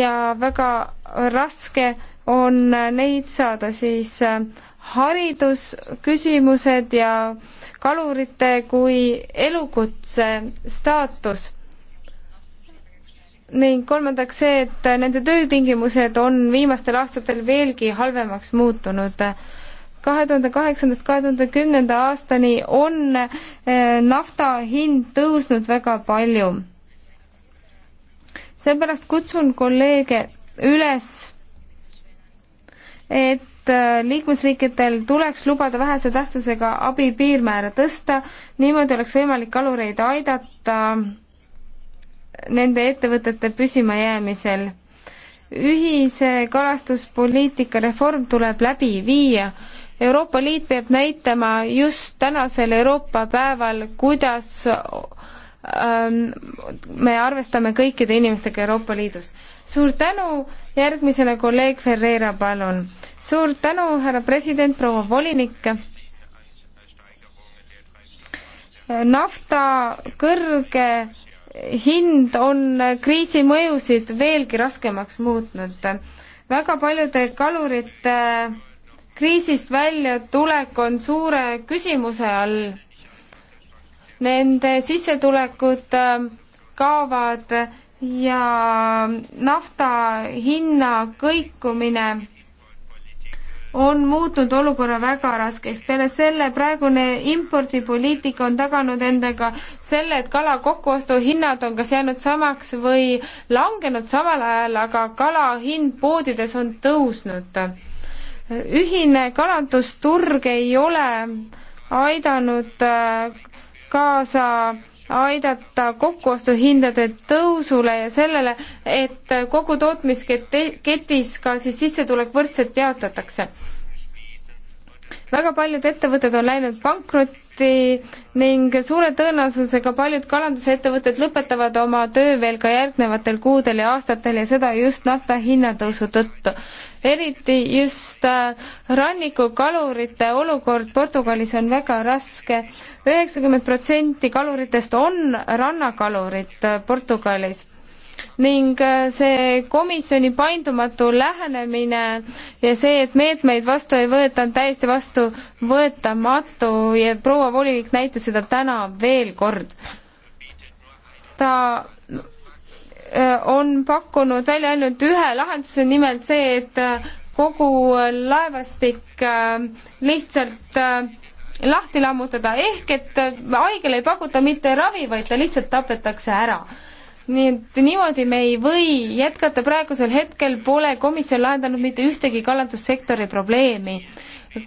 ja väga raske on neid saada siis äh, haridusküsimused ja kalurite kui elukutse staatus. ning kolmandaks see, et nende töötingimused on viimastel aastatel veelgi halvemaks muutunud kahe tuhande kaheksandast kahe tuhande kümnenda aastani on eh, nafta hind tõusnud väga palju. seepärast kutsun kolleege üles, et et eh, liikmesriikidel tuleks lubada vähese tähtsusega abi piirmäära tõsta, niimoodi oleks võimalik kalureid aidata nende ettevõtete püsimajäämisel ühise kalastuspoliitika reform tuleb läbi viia. Euroopa Liit peab näitama just tänasel Euroopa päeval, kuidas ähm, me arvestame kõikide inimestega Euroopa Liidus. suur tänu, järgmisena kolleeg Ferreira, palun. suur tänu, härra president, proua volinik. nafta kõrge hind on kriisi mõjusid veelgi raskemaks muutnud. väga paljude kalurite äh, kriisist väljatulek on suure küsimuse all. Nende sissetulekud äh, kaovad ja nafta hinna kõikumine on muutnud olukorra väga raskeks. peale selle praegune impordipoliitika on taganud endaga selle, et kala kokkuostuhinnad on kas jäänud samaks või langenud samal ajal, aga kala hind poodides on tõusnud. ühine kalandusturg ei ole aidanud äh, kaasa aidata kokkuostuhindade tõusule ja sellele, et kogu tootmisketis ka siis sissetulek võrdselt jaotatakse. väga paljud ettevõtted on läinud pankrotti, lahti ning suure tõenäosusega paljud kalandusettevõtted lõpetavad oma töö veel ka järgnevatel kuudel ja aastatel ja seda just nafta hinnatõusu tõttu. eriti just äh, rannikukalurite olukord Portugalis on väga raske. üheksakümmend protsenti kaluritest on rannakalurid äh, Portugalis ning äh, see komisjoni paindumatu lähenemine ja see, et meetmeid vastu ei võeta, on täiesti vastuvõetamatu ja proua volinik näitas seda täna veel kord. ta äh, on pakkunud välja ainult ühe lahenduse, nimelt see, et äh, kogu laevastik lihtsalt lahti lammutada, ehk et haigele ei pakuta mitte ravi, vaid ta lihtsalt tapetakse ära nii et niimoodi me ei või jätkata, praegusel hetkel pole komisjon lahendanud mitte ühtegi kalandussektori probleemi.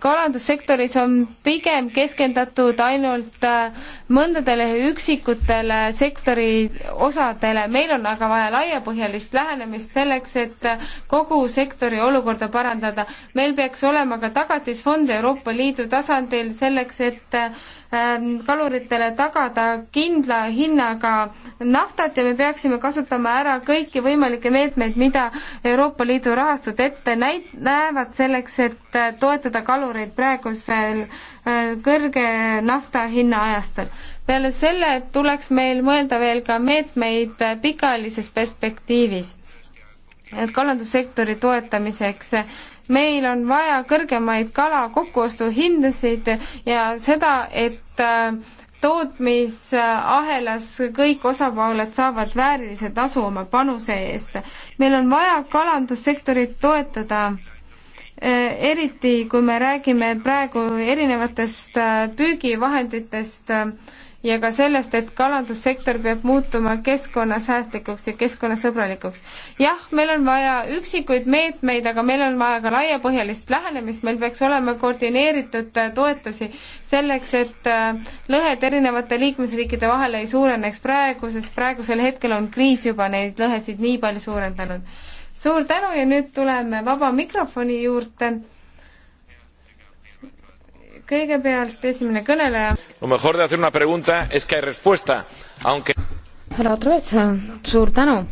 kalandussektoris on pigem keskendatud ainult äh, mõndadele üksikutele sektori osadele, meil on aga vaja laiapõhjalist lähenemist selleks, et äh, kogu sektori olukorda parandada. meil peaks olema ka tagatisfond Euroopa Liidu tasandil selleks, et äh, Ähm, kaluritele tagada kindla hinnaga naftat ja me peaksime kasutama ära kõiki võimalikke meetmeid, mida Euroopa Liidu rahastud ette näit-, näevad selleks, et äh, toetada kalureid praegusel äh, kõrge nafta hinna ajastul. peale selle tuleks meil mõelda veel ka meetmeid äh, pikaajalises perspektiivis kalandussektori toetamiseks. meil on vaja kõrgemaid kala kokkuostuhindasid ja seda, et äh, tootmisahelas kõik osapooled saavad väärilise tasu oma panuse eest. meil on vaja kalandussektorit toetada äh, eriti kui me räägime praegu erinevatest äh, püügivahenditest ja ka sellest, et kalandussektor peab muutuma keskkonnasäästlikuks ja keskkonnasõbralikuks. jah, meil on vaja üksikuid meetmeid, aga meil on vaja ka laiapõhjalist lähenemist, meil peaks olema koordineeritud äh, toetusi selleks, et äh, lõhed erinevate liikmesriikide vahel ei suureneks praegu, sest praegusel hetkel on kriis juba neid lõhesid nii palju suurendanud. suur tänu ja nüüd tuleme vaba mikrofoni juurde kõigepealt esimene kõneleja. härra Troets, suur tänu.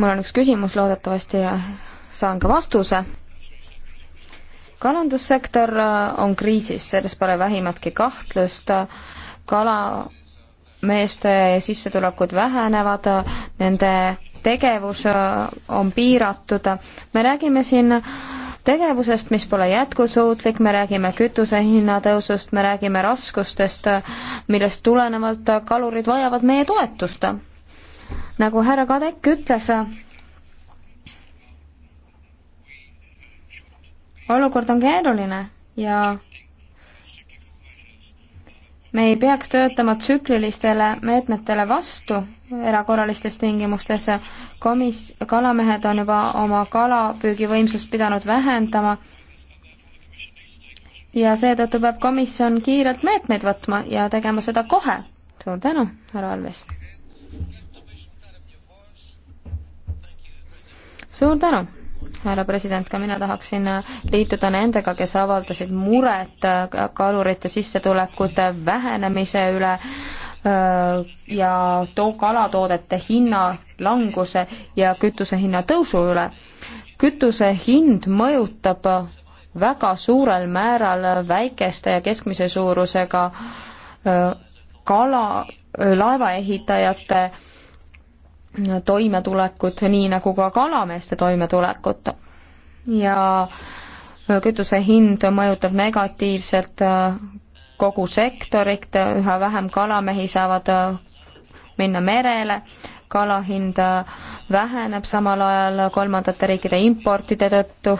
mul on üks küsimus, loodetavasti saan ka vastuse. kalandussektor äh, on kriisis, selles pole vähimatki kahtlust. kalameeste sissetulekud vähenevad, nende tegevus äh, on piiratud. me räägime siin tegevusest, mis pole jätkusuutlik, me räägime kütusehinna tõusust, me räägime raskustest, millest tulenevalt kalurid vajavad meie toetust. nagu härra Kadek ütles, olukord on keeruline ja me ei peaks töötama tsüklilistele meetmetele vastu erakorralistes tingimustes. komis-, kalamehed on juba oma kalapüügivõimsust pidanud vähendama ja seetõttu peab komisjon kiirelt meetmeid võtma ja tegema seda kohe. suur tänu, härra Alves. suur tänu härra president, ka mina tahaksin äh, liituda nendega, kes avaldasid muret äh, kalurite sissetulekute vähenemise üle äh, ja too kalatoodete hinna languse ja kütuse hinna tõusu üle. kütuse hind mõjutab väga suurel määral väikeste ja keskmise suurusega kala, laevaehitajate äh, toimetulekut, nii nagu ka kalameeste toimetulekut. ja kütuse hind mõjutab negatiivselt äh, kogu sektorit, üha vähem kalamehi saavad äh, minna merele, kala hind äh, väheneb samal ajal kolmandate riikide importide tõttu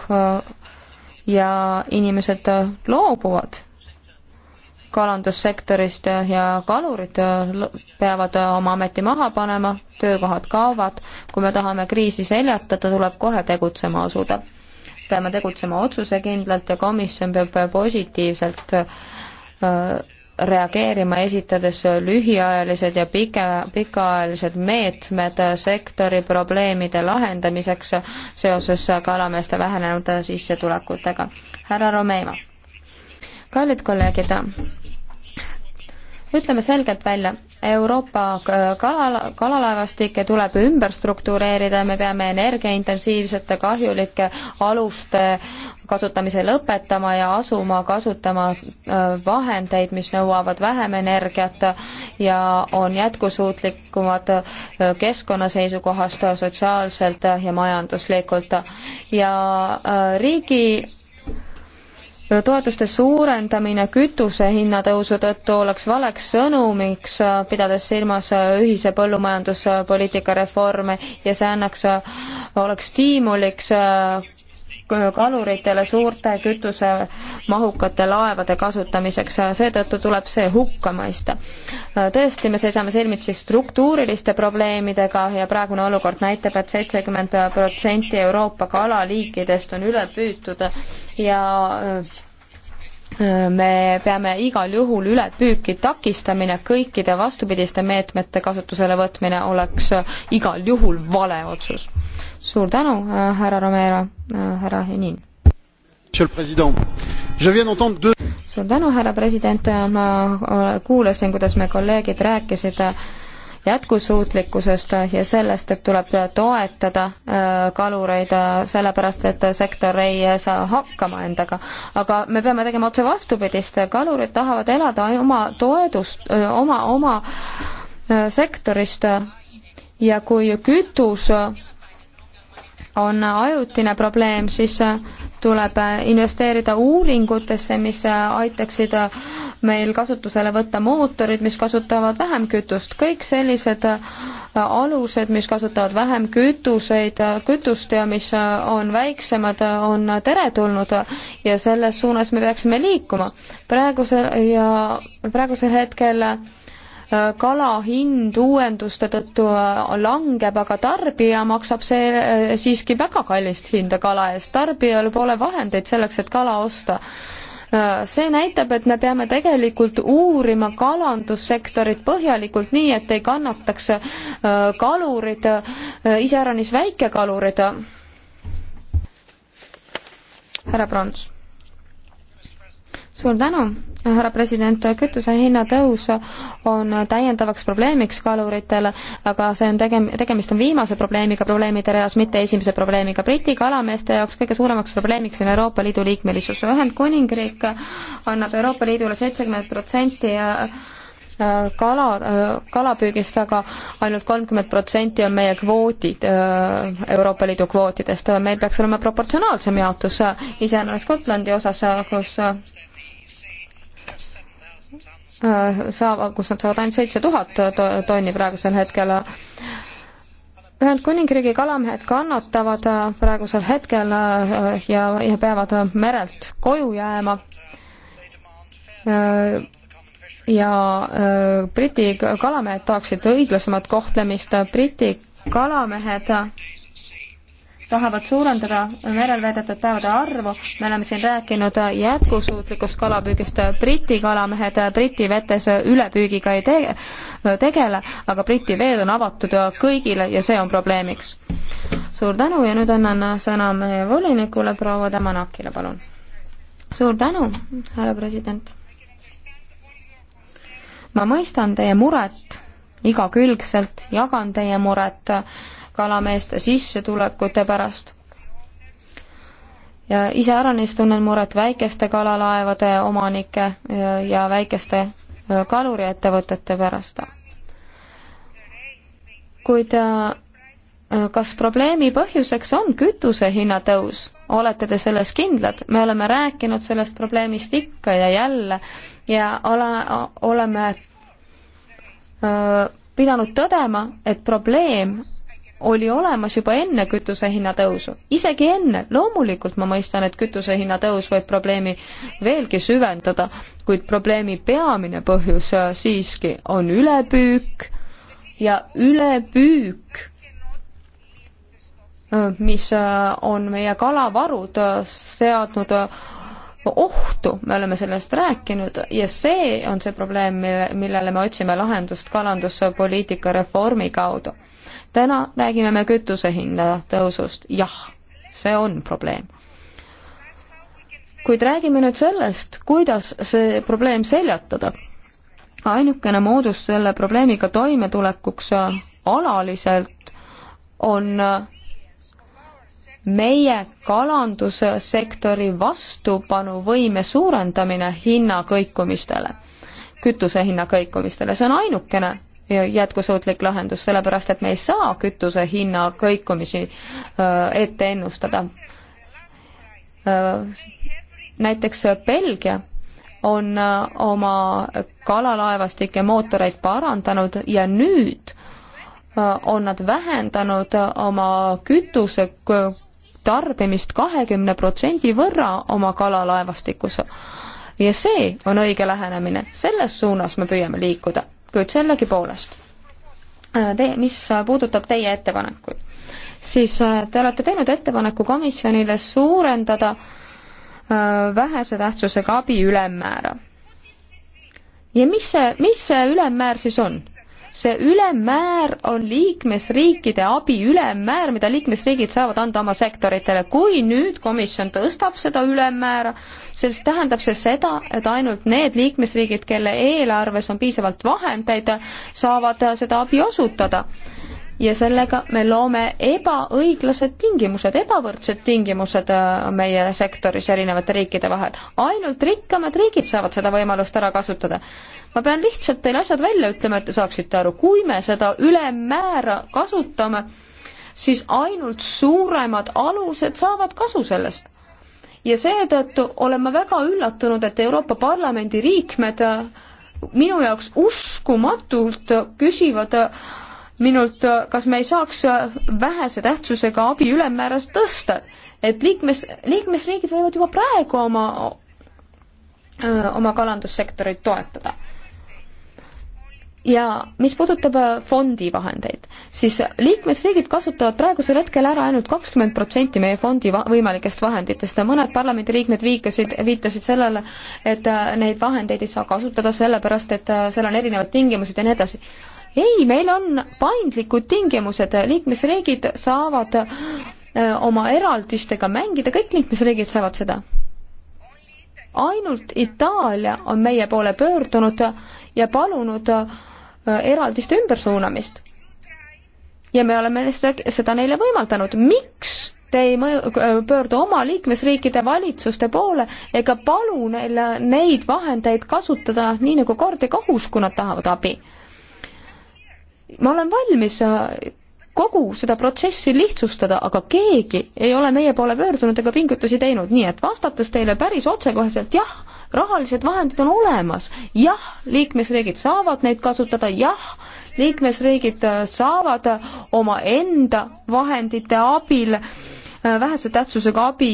ja inimesed loobuvad kalandussektorist ja kalurid äh, peavad äh, oma ameti maha panema, töökohad kaovad, kui me tahame kriisi seljatada, tuleb kohe tegutsema asuda. peame tegutsema otsusekindlalt ja komisjon peab äh, positiivselt reageerima, esitades lühiajalised ja pika, pikaajalised meetmed sektori probleemide lahendamiseks seoses kalameeste vähenenud sissetulekutega. härra Romeima. kallid kolleegid, ütleme selgelt välja, Euroopa kalala, kalalaevastikke tuleb ümber struktureerida ja me peame energiaintensiivsete kahjulike aluste kasutamise lõpetama ja asuma kasutama äh, vahendeid, mis nõuavad vähem energiat ja on jätkusuutlikumad äh, keskkonna seisukohast, sotsiaalselt ja majanduslikult. ja äh, riigi toetuste suurendamine kütuse hinnatõusu tõttu oleks valeks sõnumiks, pidades silmas ühise põllumajanduspoliitika reforme ja see annaks, oleks stiimuliks kaluritele suurte kütusemahukate laevade kasutamiseks, seetõttu tuleb see hukka mõista. tõesti, me seisame silmitsi struktuuriliste probleemidega ja praegune olukord näitab et, et seitsekümmend protsenti Euroopa kalaliikidest on üle püütud ja me peame igal juhul ületpüüki takistamine, kõikide vastupidiste meetmete kasutusele võtmine oleks äh, igal juhul vale otsus. suur tänu, äh, härra Romero, äh, härra Henin. suur tänu, härra president, ma kuulasin, kuidas me kolleegid rääkisid jätkusuutlikkusest ja sellest, et tuleb toetada äh, kalureid, äh, sellepärast et sektor ei saa hakkama endaga. aga me peame tegema otse vastupidist, kalurid tahavad elada oma toedust, äh, oma, oma sektorist ja kui kütus on ajutine probleem, siis äh, tuleb äh, investeerida uuringutesse, mis äh, aitaksid meil kasutusele võtta mootorid, mis kasutavad vähem kütust. kõik sellised alused, mis kasutavad vähem kütuseid, kütust ja mis on väiksemad, on teretulnud ja selles suunas me peaksime liikuma. praegusel ja praegusel hetkel kala hind uuenduste tõttu äh, langeb, aga tarbija maksab see äh, siiski väga kallist hinda kala eest, tarbijal pole vahendeid selleks, et kala osta äh, see näitab, et me peame tegelikult uurima kalandussektorit põhjalikult, nii et ei kannataks kalurid, iseäranis väikekalurid. härra Prants suur tänu, härra president, kütuse hinna tõus on täiendavaks probleemiks kaluritele, aga see on tegem-, tegemist on viimase probleemiga probleemide reas, mitte esimese probleemiga. Briti kalameeste jaoks kõige suuremaks probleemiks on Euroopa Liidu liikmelisus. Ühendkuningriik annab Euroopa Liidule seitsekümmend protsenti äh, kala, äh, kalapüügist, aga ainult kolmkümmend protsenti on meie kvoodid, äh, Euroopa Liidu kvootidest. meil peaks olema proportsionaalsem jaotus, iseäranis Gotlandi osas, kus Äh, saavad, kus nad saavad ainult seitse tuhat tonni praegusel hetkel. Ühendkuningriigi kalamehed kannatavad äh, praegusel hetkel äh, ja, ja peavad merelt koju jääma. ja Briti kalamehed tahaksid õiglasemat kohtlemist, Briti kalamehed tahavad suurendada merel veedetud päevade arvu, me oleme siin rääkinud jätkusuutlikust kalapüügist, Briti kalamehed Briti vetes ülepüügiga ei tege-, tegele, aga Briti veed on avatud kõigile ja see on probleemiks. suur tänu ja nüüd annan sõna meie volinikule, proua Tamanakile, palun. suur tänu, härra president. ma mõistan teie muret igakülgselt, jagan teie muret äh, kalameeste sissetulekute pärast. ja iseäranis tunnen muret väikeste kalalaevade omanike ja väikeste kaluriettevõtete pärast. kuid kas probleemi põhjuseks on kütusehinna tõus? olete te selles kindlad? me oleme rääkinud sellest probleemist ikka ja jälle ja ole, oleme öö, pidanud tõdema, et probleem oli olemas juba enne kütusehinna tõusu, isegi enne. loomulikult ma mõistan, et kütusehinna tõus võib probleemi veelgi süvendada, kuid probleemi peamine põhjus siiski on ülepüük ja ülepüük, mis on meie kalavarud seadnud ohtu, me oleme sellest rääkinud ja see on see probleem, mille, millele me otsime lahendust kalanduspoliitika reformi kaudu täna räägime me kütusehinna tõusust, jah, see on probleem. kuid räägime nüüd sellest, kuidas see probleem seljatada. ainukene moodus selle probleemiga toimetulekuks äh, alaliselt on äh, meie kalandussektori vastupanuvõime suurendamine hinnakõikumistele, kütusehinna kõikumistele, see on ainukene jätkusuutlik lahendus, sellepärast et me ei saa kütuse hinna kõikumisi äh, ette ennustada. Äh, näiteks Belgia on äh, oma kalalaevastike mootoreid parandanud ja nüüd on nad vähendanud oma kütuse tarbimist kahekümne protsendi võrra oma kalalaevastikus. ja see on õige lähenemine, selles suunas me püüame liikuda kuid sellegipoolest, äh, te-, mis äh, puudutab teie ettepanekuid, siis äh, te olete teinud ettepaneku komisjonile suurendada vähese tähtsusega abi ülemmäära. ja mis see, mis see ülemmäär siis on? see ülemmäär on liikmesriikide abi ülemmäär, mida liikmesriigid saavad anda oma sektoritele. kui nüüd komisjon tõstab seda ülemmäära, siis tähendab see seda, et ainult need liikmesriigid, kelle eelarves on piisavalt vahendeid, saavad seda abi osutada ja sellega me loome ebaõiglased tingimused, ebavõrdsed tingimused äh, meie sektoris erinevate riikide vahel. ainult rikkamad riigid saavad seda võimalust ära kasutada. ma pean lihtsalt teile asjad välja ütlema, et te saaksite aru, kui me seda ülemmäära kasutame, siis ainult suuremad alused saavad kasu sellest ja seetõttu olen ma väga üllatunud, et Euroopa Parlamendi liikmed äh, minu jaoks uskumatult küsivad äh, minult, kas me ei saaks vähese tähtsusega abi ülemmäärast tõsta, et liikmes, liikmesriigid võivad juba praegu oma, oma kalandussektorit toetada. ja mis puudutab fondi vahendeid, siis liikmesriigid kasutavad praegusel hetkel ära ainult kakskümmend protsenti meie fondi va võimalikest vahenditest ja mõned parlamendiliikmed viikasid, viitasid sellele, et neid vahendeid ei saa kasutada sellepärast, et seal on erinevad tingimused ja nii edasi ei, meil on paindlikud tingimused, liikmesriigid saavad äh, oma eraldistega mängida, kõik liikmesriigid saavad seda. ainult Itaalia on meie poole pöördunud ja palunud äh, eraldiste ümbersuunamist. ja me oleme seda neile võimaldanud, miks te ei mõju, äh, pöördu oma liikmesriikide valitsuste poole ega palu neil neid vahendeid kasutada nii nagu kord ja kohus, kui nad tahavad abi ma olen valmis äh, kogu seda protsessi lihtsustada, aga keegi ei ole meie poole pöördunud ega pingutusi teinud, nii et vastates teile päris otsekoheselt, jah, rahalised vahendid on olemas, jah, liikmesriigid saavad neid kasutada, jah, liikmesriigid äh, saavad omaenda vahendite abil äh, vähese tähtsusega abi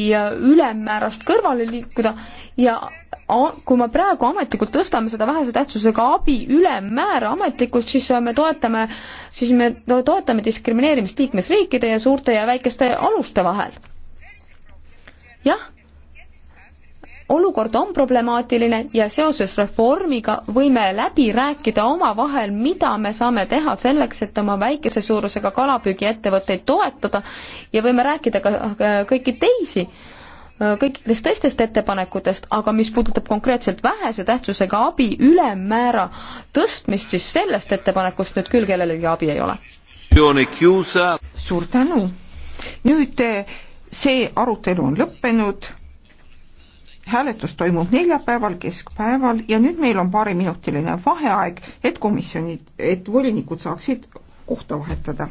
ülemmäärast kõrvale liikuda ja kui me praegu ametlikult tõstame seda vähese tähtsusega abi ülemmäära ametlikult, siis äh, me toetame, siis me toetame diskrimineerimist liikmesriikide ja suurte ja väikeste aluste vahel. jah, olukord on problemaatiline ja seoses reformiga võime läbi rääkida omavahel, mida me saame teha selleks, et oma väikese suurusega kalapüügiettevõtteid toetada ja võime rääkida ka äh, kõiki teisi Äh, kõikidest teistest ettepanekutest, aga mis puudutab konkreetselt vähese tähtsusega abi ülemmäära tõstmist, siis sellest ettepanekust nüüd küll kellelegi abi ei ole. suur tänu. nüüd äh, see arutelu on lõppenud. hääletus toimub neljapäeval keskpäeval ja nüüd meil on paariminutiline vaheaeg, et komisjonid, et volinikud saaksid kohta vahetada